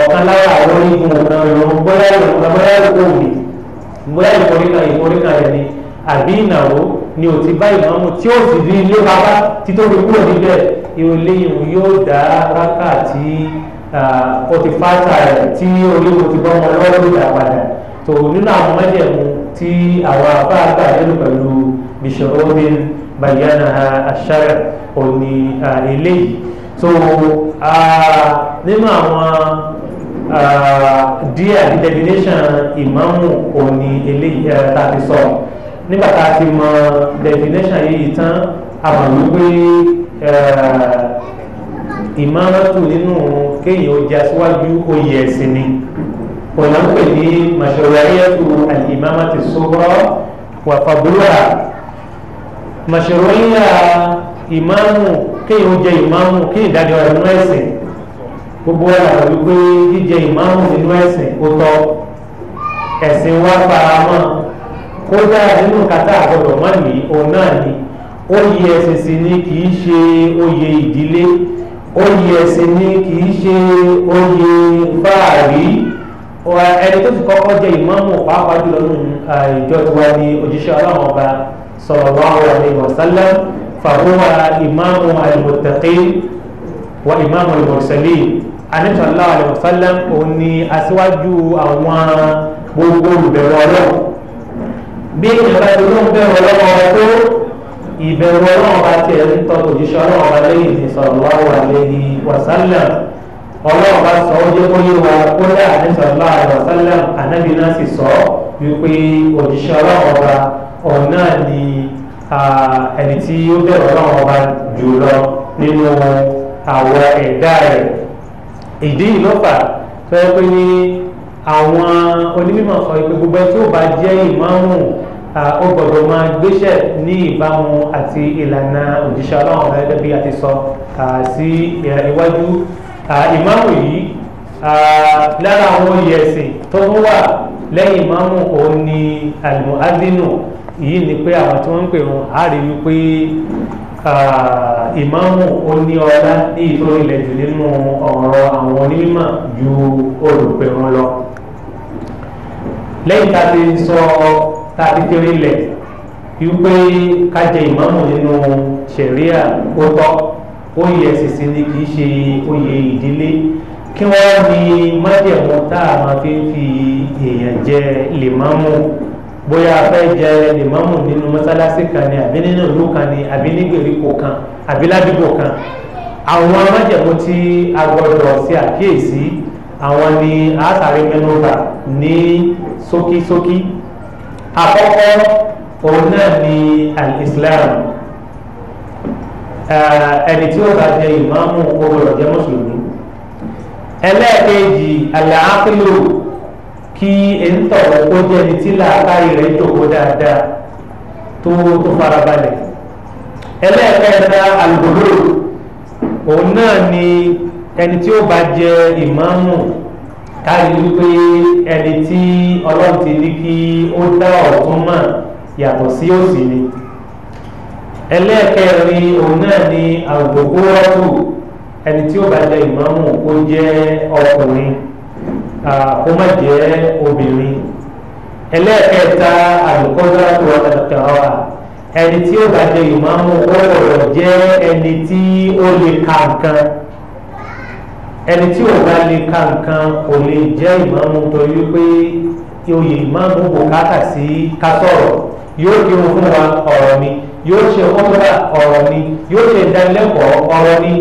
ọ̀kan lára àwọn orígun ọ̀kan ìrun bóyá ìrun bóyá ìrun òbí bóyá ìforíkà ìforíkà rẹ̀ ni àbí ìnáwó ni ò ti bá ìmọ̀ọ́mù tí ó sì rí ilé wa bá títọ́ fi kúrò níbẹ̀ irun léyìn yóò dá wákàtí ó ti fáta rẹ̀ tí olóko ti bọ́ ọmọ lọ́wọ́ ló dà padà tó nínú àwọn mẹ́jẹ̀mú tí àwọn àbá àgbà lérò pẹ̀lú bishorobin bayana ashara òní eléyìí tó nínú àwọn díẹ̀ definition ìmọ̀ọ́mù òní eléyìí tá a ti sọ̀rọ̀ nígbà tá a ti mọ definition yìí tán a mọ̀ wípé ìmọ̀ràn nínú kéèyàn ó jẹ́ aṣíwájú oyè ẹ̀sìn ni ọ̀nà ń pè ní mashru'iyatu al-imamati as-sughra wa fadluha mashru'iyya ìmáàmù kéèyàn ó jẹ́ ìmáàmù kéèyàn dájọ́ rẹ̀ nínú ẹ̀sìn gbogbo ọ̀nà wípé jíjẹ ìmáàmù nínú ẹ̀sìn ó tọ́ ẹ̀sìn wa fara mọ́ kódà nínú kàtà àgbọ̀dọ̀ má ní òun náà ni oyè ẹ̀sìn sì ni kì í ṣe oyè ìdílé oyè ẹ̀sìn ni kì í ṣe oyè fáàrí ẹni tó ti kọ́kọ́ jẹ ìmáàmù pàápàá jùlọ nínú ìjọ tiwa ni òjíṣẹ́ ọlọ́run ọba sallallahu alaihi wasallam fahuwa ìmáàmù al-muttaqin wa ìmáàmù al-mursalin Ànábì sallallahu aṣíwájú àwọn gbogbo olùbẹ̀rẹ̀ ọlọ́run bí ìrẹ́ inú bẹ̀rù ọlọ́wọ́ tó ìbẹ̀rù ọlọ́wọ́ bá tiẹ̀ ń tọ́ òjíṣẹ́ ọlọ́wọ́ bá lẹ́yìn ti sallallahu alaihi wasallam ọlọ́wọ́ bá sọ ó jẹ́ kó yé wa kó dá àní sallallahu alaihi wasallam ànábì náà sì sọ wípé òjíṣẹ́ ọlọ́wọ́ bá ọ̀hún náà ni ẹni tí ó bẹ̀rù ọlọ́wọ́ jù lọ nínú àwọn ẹ̀dá rẹ̀ ìdí ìlọ́fà tó pé ní àwọn onímọ̀ sọ pé gbogbo ẹ tí ó bá jẹ́ ìmáàmù ó gbọ́dọ̀ máa gbéṣẹ̀ ní ìbámu àti ìlànà òjíṣẹ́ ọlọ́run gẹ́gẹ́ bí a ti sọ sí iwájú ìmáàmù yìí lára àwọn oyè ẹ̀sìn tó tún wà lẹ́yìn ìmáàmù òun ni àlùmọ́ádínù yìí ni pé àwọn tí wọ́n ń pè wọn á rí wípé ìmáàmù oníọlá ní ìtòrí ilẹ̀ jù nínú ọ̀rọ̀ àwọn onímọ̀ ju olùpẹ̀ lọ lẹ́yìn tá a ti sọ tá a ti kéré lẹ̀ wípé ká jẹ ìmáàmù nínú ṣẹ̀ríà ó tọ́ oyè ẹ̀sìsì ni kì í ṣe oyè ìdílé kí wọ́n ní májẹ̀mú tá a máa fi ń fi èèyàn jẹ lèmáàmù bóyá a fẹ́ jẹ lèmáàmù nínú mọ́sálásí kan ni àbí nínú ìlú kan ni àbí nígbèríko kan àbí ládùúgbò kan àwọn májẹ̀mú tí a gbọ́dọ̀ ṣe àkíyèsí àwọn ni a sáré mẹ́nu bà ní sókísókí àkọ́kọ́ òun náà ni al-islam ẹni tí ó bá jẹ ìmáàmù ọgbọ̀rọ̀ jẹ́ mùsùlùmí ẹlẹ́ẹ̀kejì al-aqilu kí ẹ̀ńtọ̀ ó jẹ́ ẹni tí làákàyè rẹ̀ jòkó dáadáa tó tó farabalẹ̀ ẹlẹ́ẹ̀kẹta al òun náà ni ẹni tí ó bá jẹ ìmáàmù káyọ̀ wípé ẹni tí ọlọ́run ti ní kí ó dá ọ̀tún mọ̀ yàtọ̀ sí òsì ni ẹlẹ́ẹ̀kẹrin òun náà ni àgbòkú rọ́tù ẹni tí ó bá jẹ ìmáàmù kó jẹ́ ọkùnrin kó má jẹ́ obìnrin ẹlẹ́ẹ̀kẹta àlùkọ́dá tó ọ̀tẹ̀tẹ̀ ọ̀wà ẹni tí ó bá jẹ ìmáàmù ó rọ̀ jẹ́ ẹni tí ó lè ka ẹni tí ò bá lè ka nǹkan kò lè jẹ́ ìmáàmù torí pé oyè ìmáàmù kò kákà sí kásọ̀rọ̀ yóò kírun fún wa ọ̀rọ̀ ni yóò ṣe kọ́tọ́lá ọ̀rọ̀ ni yóò ṣe ìdánilẹ́kọ̀ọ́ ọ̀rọ̀ ni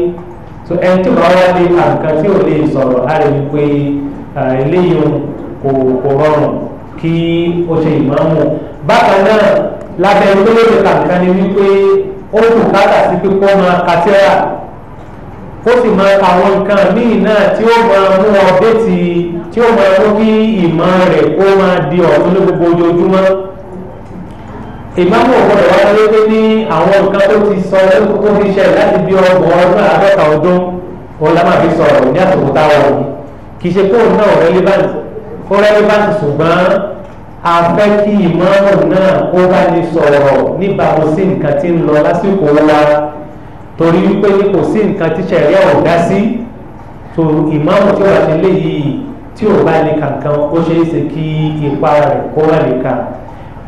so ẹni tí wàá wá lè ka nǹkan tí ò lè sọ̀rọ̀ á rẹ̀ wípé eléyìí kò kò rọrùn kí ó ṣe ìmáàmù bákan náà lábẹ́ pé ó nǹkan ni wípé ó kù kákà sí pípọ́ máa kàtíra ó sì máa àwọn nǹkan míì náà tí ó máa mú ọdẹ tí tí ó máa mú kí ìmọ̀ rẹ̀ kó máa di ọ̀tún ní gbogbo ojoojúmọ́ ìmáàmù ọ̀gbọ́dọ̀ wá lé pé ní àwọn nǹkan tó ti sọ ẹ́ kókó fi ṣe láti bí ọgbọ̀n ọdún àádọ́ta ọdún òun la máa fi sọ̀rọ̀ ní àsìkò táwọn ọ̀hún kì í ṣe kóun náà relevant ó relevant ṣùgbọ́n a fẹ́ kí ìmáàmù náà kó bá ní sọ̀rọ̀ níbàámu sí nǹkan tí ń lọ lásìkò wa torí wípé kò sí nǹkan tí sẹ̀ríà ò dá sí tó ìmáàmù tí ó wà nílé yìí tí ò bá lè kankan ó ṣeé ṣe kí ipa rẹ̀ kó wà lè kà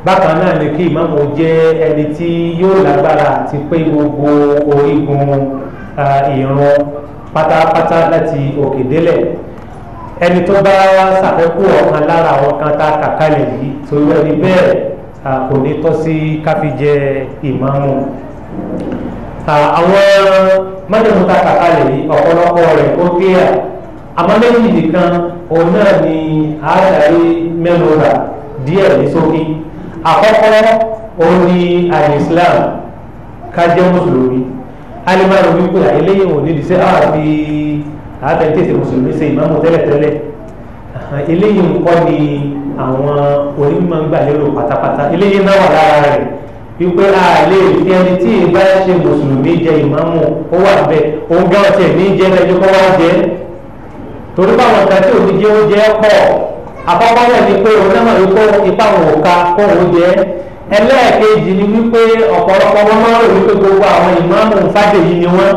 bákan náà ni kí ìmáàmù jẹ́ ẹni tí yóò lágbára àti pé gbogbo orígun ìrun pátápátá láti òkè délẹ̀ ẹni tó bá ṣàkókò ọ̀kan lára àwọn kan tá a kà kalẹ̀ yìí tó yọ ni bẹ́ẹ̀ kò ní tọ́ sí káfíjẹ ìmáàmù àwọn mọ́tẹ́mú tá a kà kalẹ̀ yìí ọ̀pọ̀lọpọ̀ rẹ̀ ó kíyà àmọ́ méjì nìkan òun náà ni àádàrí mẹ́lòrà díẹ̀ ní sókè àkọ́kọ́ òun ni àìsílám kájẹ́ mùsùlùmí alimaro wípé àìléyìn òun nídìí sẹ́ ah, àti àtẹ̀tẹ̀sẹ̀ mùsùlùmí ṣe ìmáàmù tẹ́lẹ̀tẹ́lẹ̀ eléyìí nǹkan ni àwọn onímọ̀ ń gbà lérò pátápátá eléyìí náà wà lára rẹ̀ wípé a lè fi ẹni tí ìbá ṣe mùsùlùmí jẹ ìmáàmù ó wà bẹ́ẹ̀ òun gán ọtí ẹ̀mí jẹ ẹjọ́ kó wá jẹ torí báwọn kan tí òbí jẹ oúnjẹ pọ̀ àkọ́kọ́ náà ni pé òun náà wípé ipa òun ò ka kó òun jẹ ẹlẹ́ẹ̀kejì ni wípé ọ̀pọ̀lọpọ̀ wọn máa ń rò wípé gbogbo àwọn ìmáàmù fàdèyí ni wọ́n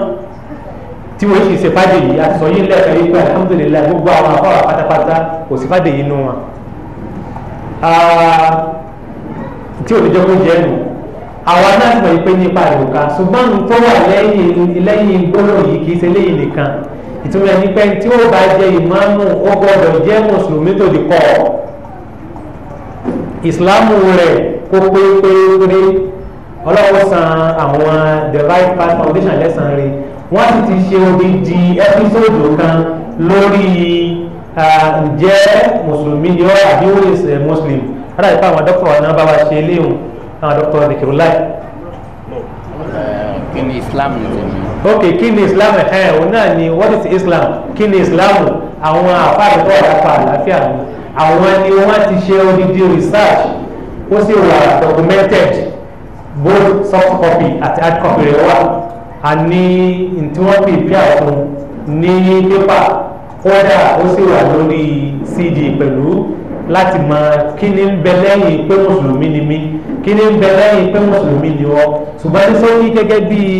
tí wọ́n sì ṣe fàdèyí àti sọ yín lẹ́ẹ̀kan wípé alhamdulilayi gbogbo àwọn afọ́ra àwa náà mọ̀ pé nípa ìròkà ṣùgbọ́n tó wà lẹ́yìn lẹ́yìn gbólóhùn yìí kì í ṣe lẹ́yìn nìkan ìtumọ̀ ẹni pé tí ó bá jẹ ìmáàmù ó gbọ́dọ̀ jẹ́ mùsùlùmí tó di kọ́ ìsìláàmù rẹ̀ kó pé pé pé ọlọ́wọ́ san àwọn the right path foundation lẹ́sàn rẹ̀ wọ́n sì ti ṣe odidi ẹ́písòdù kan lórí ǹjẹ́ mùsùlùmí yọ àbí wọ́n ṣe muslim rárá ìpá àwọn dókítà náà bá wa ṣe léwu àwọn dr zikirulai. kí ni islam ní tèmi. ok kí ni islam ẹ̀ òun náà ni what is islam kí ni islam àwọn àfáàdé tó wà lápá àlàáfíà ni àwọn ni wọ́n ti ṣe odidi research ó sì wà documented both soft copy àti hard copy rẹ̀ wà a ní tí wọ́n fi pí àwọn ní pépà kódà ó sì wà lórí cd pẹ̀lú láti mọ kí ni ń bẹ lẹ́yìn pé mùsùlùmí ni mí kí ni ń bẹ lẹ́yìn pé mùsùlùmí ni wọ́ ṣùgbọ́n ní sọ́yìn gẹ́gẹ́ bíi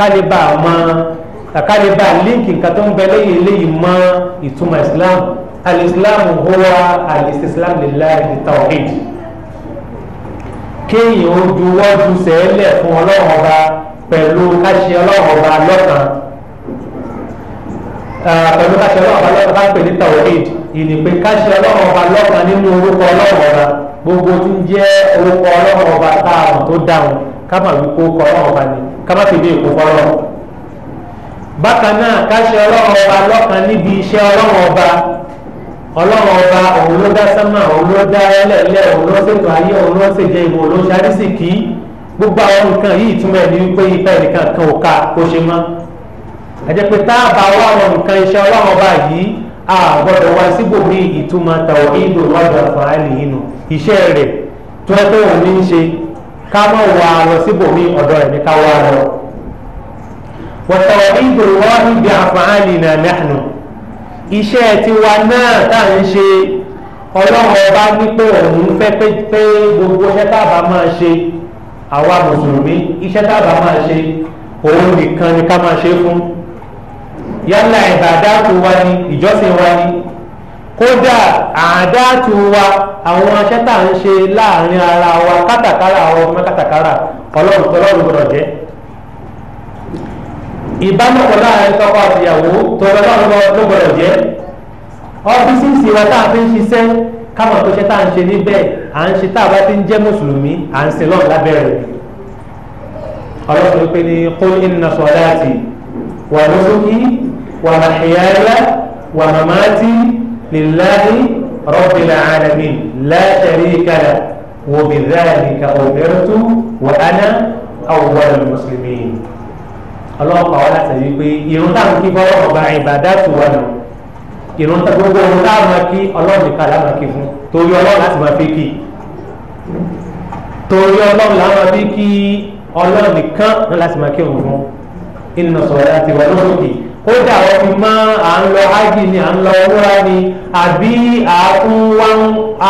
kálíbà mọ kálíbà líǹkì nǹkan tó ń bẹ lẹ́yìn eléyìí mọ ìtumọ̀ islam al-islam huwa al-istislam lillahi bitawhid kéèyàn ó juwọ́jú sẹ́lẹ̀ fún ọlọ́run ọba pẹ̀lú káṣe ọlọ́run ọba lọ́kan pẹ̀lú káṣe ọlọ́run ọba lọ́kan bá ń pè ní tawhid. ìní pé ṣe ọlọ́run ọba lọ́kàn nínú orúkọ ọlọ́run gbogbo tí ń jẹ́ orúkọ ọlọ́run ọba tá a tó dáhùn ká mà wí ọlọ́run ni fi bákan náà ọlọ́run ọba lọ́kàn níbi iṣẹ́ ọlọ́run ọba ọlọ́run ọba gbogbo àwọn nǹkan yìí túmọ̀ ní wípé ìfẹ́ kan ò a bá wá àwọn a gbọdọ wá síbòmí ìtumọ̀ tàwíìdù lọ́dọ̀ fàáìlì yìí nù iṣẹ́ rẹ̀ tó ẹ tó òun ní í ṣe ká má wà á lọ síbòmí ọ̀dọ̀ rẹ̀ ní ká wà á lọ. wọ̀tàwíìdù lọ́hìn bí àfàáìlì nà nàánù iṣẹ́ tiwa náà tá à ń ṣe ọlọ́run ọba ní pé òun fẹ́ pé gbogbo iṣẹ́ tá a bá máa ṣe àwa mùsùlùmí iṣẹ́ tá a bá máa ṣe òun nìkan ni ká máa ṣe fún. yálà ìbàdàtù wa ni ìjọsìn wa ni kódà àdáàtù wa àwọn aṣẹ́ tá à ń ṣe láàrin ara wa kátàkárà àwọn ọmọ kátàkárà ọlọ́run tọ́lọ́run gbọdọ̀ jẹ́ ìbálòpọ̀ láàrin tọkọ àtìyàwó tọ́lọ́run ló gbọdọ̀ jẹ́ ọ́fíìsì ìsìnwá tá a fi ń ṣiṣẹ́ káwọn àtúnṣe tá à ń ṣe níbẹ̀ à ń ṣe tá a bá ti ń jẹ́ mùsùlùmí à ń ṣe lọ́run lábẹ́rẹ́ ọlọ́run pé ní qul inna salati ومحياي ومماتي لله رب العالمين لا شريك له وبذلك أمرت وأنا أول المسلمين ọlọ́pàá wa láti rí i pé irun táwọn kí fọwọ́ ọba ìbàdà tó wà nù irun tó gbogbo ohun táwọn máa kí ọlọ́run nìkan láwọn máa kí fún torí ọlọ́run láti máa fi kí torí ọlọ́run láwọn máa fi kí ọlọ́run nìkan láti máa kí òun fún inú sọ̀rọ̀ láti wà lóṣù kìí kódà ọbí mọ́ à ń lọ hajj ni à ń lọ wúra ni àbí àkúnwá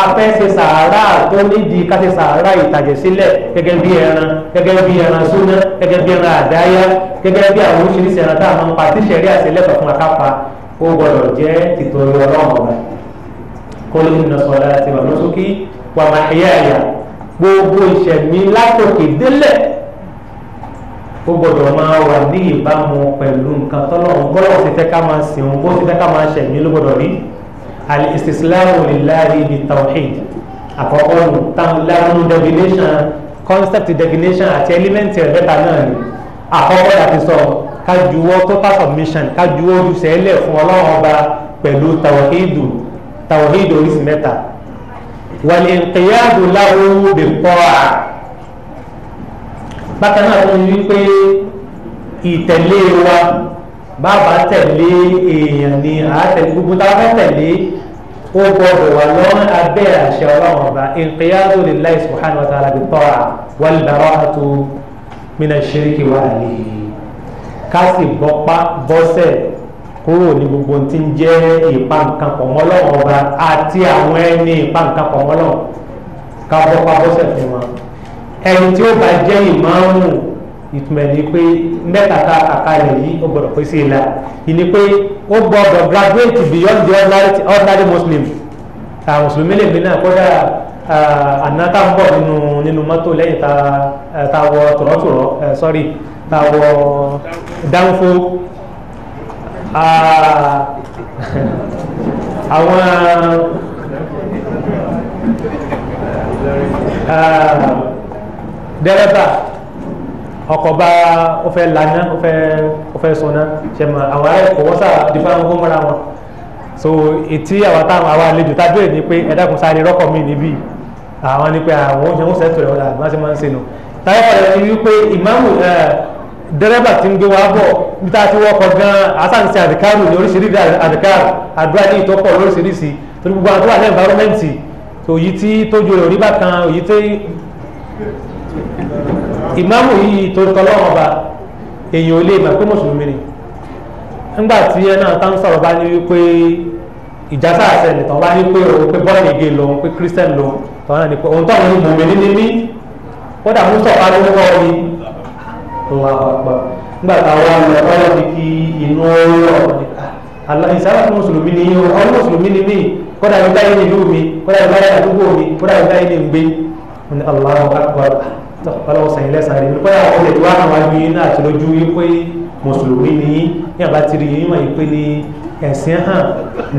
afẹ́ ṣe sàárà tó nídìí ká ṣe sàárà ìtàjẹ̀sílẹ̀ gẹ́gẹ́ bí ẹran gẹ́gẹ́ bí ẹran súná gẹ́gẹ́ bí ẹran àdáyá gẹ́gẹ́ bí àwọn oríṣiríṣi ẹran tá a máa ń pa tí sẹ̀rí àṣẹlẹ́kọ̀ọ́ fún akápa ó gbọ́dọ̀ jẹ́ tìtorí ọlọ́run ọ̀gá kólé nínú sọ̀rọ̀ àti wà lọ́sọ́kí wà ẹ̀yà ẹ̀yà gbogbo ìṣẹ̀mí látòkè délẹ̀ ó gbọ́dọ̀ máa wà ní ìbámu pẹ̀lú nǹkan tọ́lọ́run bọ́lọ̀ ti fẹ́ ká máa sìn bó ti fẹ́ ká máa ṣẹ̀mí ló gbọ́dọ̀ rí al-istislamu lillahi bi tawhid àkọ́kọ́ nù táwọn lánàá definition concept definition àti element rẹ̀ bẹ́ta náà ni àkọ́kọ́ láti sọ ká total submission ká ojúṣe ẹlẹ́ fún ọlọ́run ọba pẹ̀lú tawhidu tawhidu oríṣi mẹ́ta wal inqiyadu lahu bi ta'a bákan náà tó ní wípé ìtẹ̀lé wa bàbá tẹ̀lé èèyàn ni àátẹ̀lé gbogbo tá a fẹ́ tẹ̀lé ó gbọdọ̀ wà lọ́rùn abẹ́ àṣẹ ọlọ́run ọba inqiyadu lillahi subhanahu wa ta'ala bi ta'a wal bara'atu min ash-shirki wa ahlihi ká sì bọ́pá bọ́sẹ̀ kúrò ní gbogbo tí ń jẹ́ ìpa nǹkan pọ̀ mọ́ ọba àti àwọn ẹni ìpa nǹkan pọ̀ mọ́ ká bọ́pá bọ́sẹ̀ fún wọn ẹni tí ó bá jẹ́ ìmáàmù ìtumọ̀ ni pé mẹ́ta ta àkàlẹ̀ yìí ó gbọ́dọ̀ pèsè ìlà ìní pé ó gbọ́dọ̀ graduate beyond the ordinary muslim àwọn mùsùlùmí lè gbin náà kódà àná tá ń bọ̀ nínú nínú mọ́tò lẹ́yìn tá tá wọ tòrọ́tòrọ́ sorry tá wọ dánfó àwọn uh, dẹ́rẹ́bà ọkọ̀ bá ó fẹ́ laná ó fẹ́ ó fẹ́ sọná ṣe mọ àwọn ará ẹ̀kọ́ wọ́n sáà di fáwọn kó wọn so etí àwọn táwọn àwọn àlejò tá a béèrè ni pé ẹ dákun sáré rọ́kọ̀ mi níbí àwọn ni pé àwọn oúnjẹ ń sẹ́tọ̀ rẹ̀ ọ̀la àbí wọ́n ṣe máa ń ṣe nù táyà padà ní wípé ìmáàmù dẹ́rẹ́bà ti ń gbé wa bọ̀ níta tí wọ́n kọ gan asáǹsì àdìkárù ní oríṣiríṣi àdìkárù àdúrà ní ìtọ́pọ̀ lóríṣiríṣi torí gbogbo àdúrà ní environment òyí tí tójú rẹ̀ orí bá kan òyí tí ìmáàmù yìí torí tọ́lọ́wọ́n ọba èèyàn ò lè mà pé mùsùlùmí ni nígbà tí ẹ náà tá ń sọ̀rọ̀ bá ní wípé ìjásá àṣẹ nìtàn wá ní pé òun pé bọ́ọ̀lù èdè lòun pé christian lòun tọ́ náà ni pé òun tọ́lọ́ ní mùmí ní mí kódà mùsọ̀fà ló kọ́ mi òun àpapọ̀ nígbà táwọn ọmọ ọlọ́ ti fi inú ọ̀rọ̀ ìsára fún ah, mùsùlùmí ni yín ọ̀rọ̀ tọ́ ọlọ́wọ́ sẹ́yìn lẹ́sàn-án rẹ̀ nípa àwọn olè tí wàá kàn wá bí iná àti lójú yín pé mùsùlùmí ni yín ní àbá ti rí yín mọ̀ yín pé ní ẹ̀sìn hàn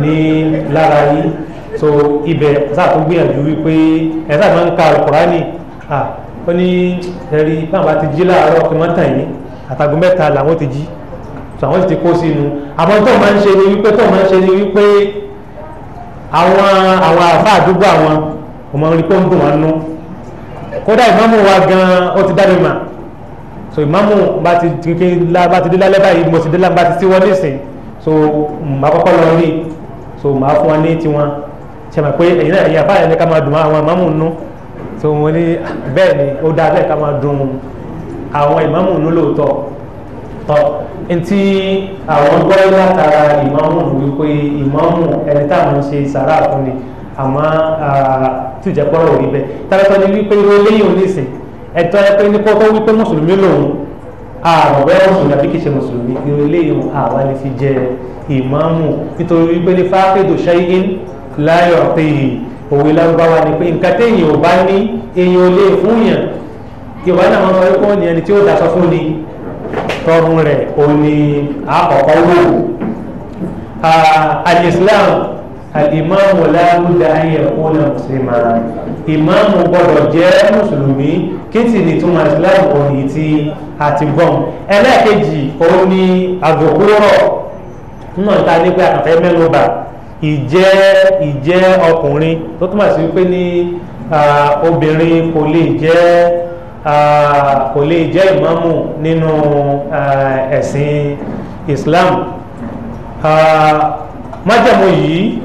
ní lára yín so ibẹ̀ sáà tó gbìyànjú wípé ẹ̀ sáà máa ń ka alukurani ó ní ẹ̀rí báwọn bá ti jí láàárọ̀ kí wọ́n tàn yín àtàgùn mẹ́ta làwọn ti jí so àwọn ti kó sínú àmọ́ tó máa ń ṣe ni wípé tó máa ń ṣe ni wípé àwọn àwọn àfa àdúgbò àwọn ọmọ orí pọ́ńpù wọn nú kódà ìmáàmù wa gan ó ti dá mi mà so ìmáàmù bá ti kéke la bá ti dé lálẹ́ báyìí mo ti dé lálẹ́ bá ti síwọ́ nísìn so màá kọ́kọ́ lọ rí so màá fún wa ní tiwọn ṣe mọ̀ pé ẹ̀yin náà ìyàbá yẹn ní ká máa dùn àwọn ìmáàmù nù so mo ní bẹ́ẹ̀ ni ó dáa bẹ́ẹ̀ ká máa dùn àwọn ìmáàmù nù lóòótọ́ tọ́ ntí àwọn gbọ́dọ̀ látara ìmáàmù wípé ìmáàmù ẹni táwọn ṣe sàrà fún ni àmọ́ tí ìjà pọ́nrọ́ ò rí bẹ́ẹ̀ tàbátọ́ ni wípé irú eléyìí ò ní sìn ẹ̀tọ́ ẹ pé nípa ọkọ wípé mùsùlùmí lòun àròbẹ́ mùsùlùmí àbí kìí ṣe mùsùlùmí irú eléyìí àwa lè fi jẹ ìmáàmù nítorí wípé ní fáfẹ́dò ṣáyín láyọ̀ pé òwe lárúbáwá ni pé nǹkan téèyàn ò bá ní èèyàn ò lè fún yàn yorùbá náà máa sọ wípé ó ní ẹni tí ó daṣọ fún ni tọrùn rẹ̀ òní àkọ́kọ́ wò àlìsílámù alimamu labuda ayẹkuna muslima imamu gbọ́dọ̀ jẹ́ mùsùlùmí kìtì ní túmọ̀ islam òní tí a ti gbọ́n ẹlẹ́ẹ̀kejì òun ni àgòkúrọ̀ náà ta ní pé àkàfẹ́ mẹ́lúbà ìjẹ́ ìjẹ́ ọkùnrin tó túmọ̀ sí pé ní obìnrin kò lè jẹ́ kò lè jẹ́ ìmámù nínú ẹ̀sìn islam. Uh, májàmú yìí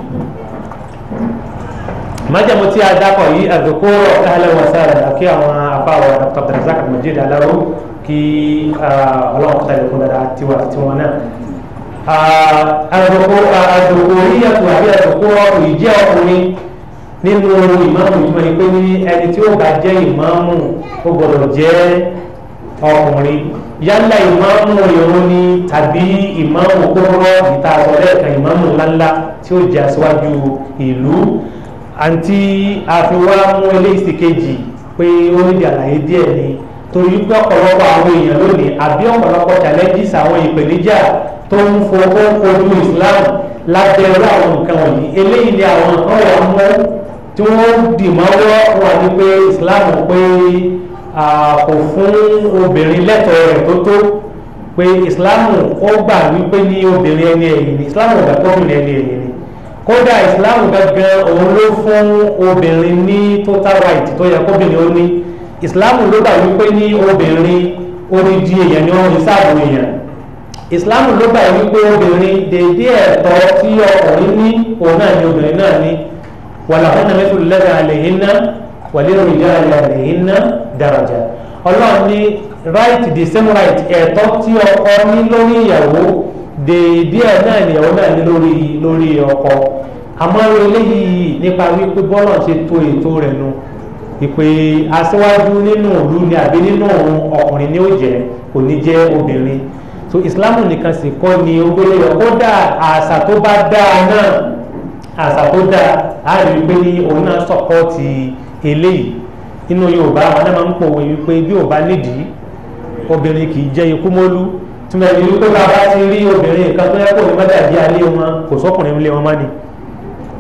májàmú tí a dákọ̀ yìí àdókòrò ahlan wa sahlan àkí àwọn afáwọ̀ dr abdulrasaq majid alaro kí ọlọ́run kúta lẹ́kọ́ dára tiwa tiwọn náà àdókòrò yíyàtọ̀ àbí àdókòrò ìjẹ́ ọkùnrin nínú ìmáàmù ìjùmọ̀ ni pé ní ẹni tí ó bá jẹ́ ìmáàmù ó gbọ́dọ̀ jẹ́ ọkùnrin yálà ìmáàmù ìrún ni tàbí ìmáàmù kúrọ́ ìta sọ lẹ́ẹ̀kan ìmáàmù ńláńlá tí ó jẹ́ aṣíwájú ìlú àǹtí àfiwá mú eléyìí kejì pé ó ní àlàyé díẹ̀ ni torí pé ọ̀pọ̀lọpọ̀ àwọn èèyàn lónìí àbí ọ̀pọ̀lọpọ̀ challenges àwọn ìpèníjà tó ń fowó kojú Islam lábẹ́ irú àwọn nǹkan wọ̀nyí eléyìí ni àwọn nǹkan wọ̀ mú tí wọ́n dì mọ́wọ́ wọn ni pé Islam pé kò fún obìnrin lẹ́tọ̀ọ́ rẹ̀ tó tó pé ìsìláàmù ó gbà wípé ní obìnrin ẹni ẹ̀yìn ni ìsìláàmù ò gbà tó obìnrin ẹni ẹ̀yìn ni kódà ìsìláàmù gangan òun ló fún obìnrin ní total right tó yẹ kóbìnrin ó ní ìsìláàmù ló gbà wípé ní obìnrin odidi èèyàn ni wọ́n fi sáàbù èèyàn ìsìláàmù ló gbà wípé obìnrin dèédé ẹ̀tọ́ tí ọkùnrin ní òun náà ni obìnrin náà ní wàlàhùn náà mẹ́tò lẹ́gbẹ̀ẹ́ àlè wàlérò ìjà ìlànà iná dàrájà ọlọ́run ní right the same right ẹ̀tọ́ tí ọkọ ní lórí ìyàwó dèédé ẹ̀ náà ìyàwó náà ní lórí lórí ọkọ àmọ́ eléyìí nípa wípé bọ́lá ṣe to ètò rẹ̀ nu ìpè aṣíwájú nínú òlu ni àbí nínú ọkùnrin ni ó jẹ́ kò ní jẹ́ obìnrin so ìsìlámù nìkan sì kọ́ ni ogbélé kódà àṣà tó bá dáa náà àṣà tó dáa á rí i òun náà sọ̀kọ́ ti. So, eléyìí inú yorùbá àwọn náà máa ń pòwe wípé bí ò bá nídìí obìnrin kì í jẹ́ ikú mọ́lú túmọ̀ ìlú pé bàbá ti rí obìnrin kan tó yẹ kó ní alé wọn kò lé ni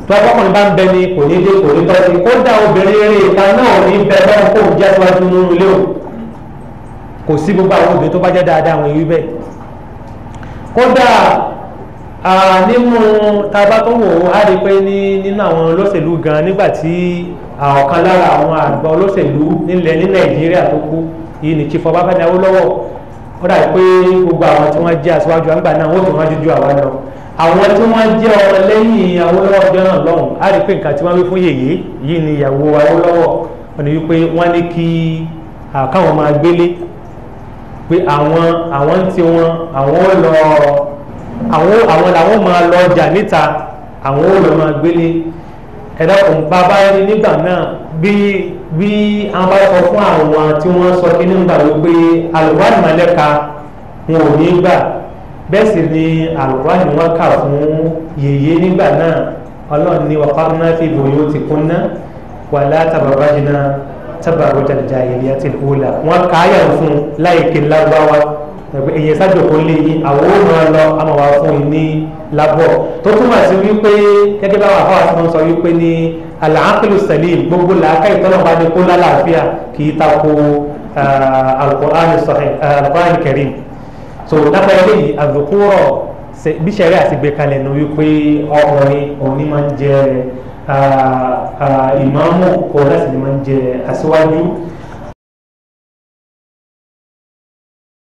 tó ọkùnrin bá ń bẹ ni kò ní dé kò ní tọ́sí kódà obìnrin eré ìka náà ní bẹ lọ́wọ́ kó síwájú nínú ilé o gbogbo àwọn obìnrin tó bá dáadáa nínú taba wò ó a rí i pé nínú àwọn olóṣèlú gan nígbà tí ọ̀kan lára àwọn àgbà olóṣèlú nílẹ̀ ní nàìjíríà tó kú yìí ní chief Ọbáfẹ́mi Awólọ́wọ̀ ó dà pé gbogbo àwọn tí wọ́n jẹ́ aṣáájú àgbà náà wọ́n ti wọ́n jújú àwa náà àwọn tí wọ́n jẹ́ ọmọ lẹ́yìn Awólọ́wọ̀ ọjọ́ náà lọ́hùn á rí i pé nǹkan tí wọ́n wí fún yèyé yìí ni ìyàwó Awólọ́wọ̀ wọ́n ní wípé wọ́n ní kí káwọn máa gbélé pé àwọn àwọn tí wọn àwọn ò lọ àwọn àwọn làwọn máa lọ ọjà níta àwọn ò lọ máa gbélé ẹ̀dá kan bàbá rí nígbà náà bí bí àwọn bá sọ fún àwọn tí wọ́n sọ kí nígbà wípé alùpàdé mọ̀lẹ́ka wọn ò ní gbà bẹ́ẹ̀ sì ni alùpàdé wọn kà fún yèyé nígbà náà ọlọ́run ní wàkàrúnà fi bòyó ti kúnná wàlá tàbàbàjìnà tàbàrọ̀jà jàìlì àti ìhùlà wọn kà á yàn fún láìkè lágbáwá ẹgbẹ́ ẹ̀yẹ sájòkó lé yín àwọn ò máa lọ àmọ́ wàá fún yín ní labọ́ tó túmọ̀ sí wípé gẹ́gẹ́ báwọn afáwà tí sọ wípé ní al salim gbogbo làákà ìtọ́nà bá ní kó lálàáfíà kì í tako al-Qur'an sahih al-Qur'an so dábàá eléyìí àdùkúrọ̀ bí sẹ́rí àtìgbé kalẹ̀ nu wípé ọkùnrin òun ni máa ń jẹ ìmáàmù kò láti máa ń jẹ aṣíwájú.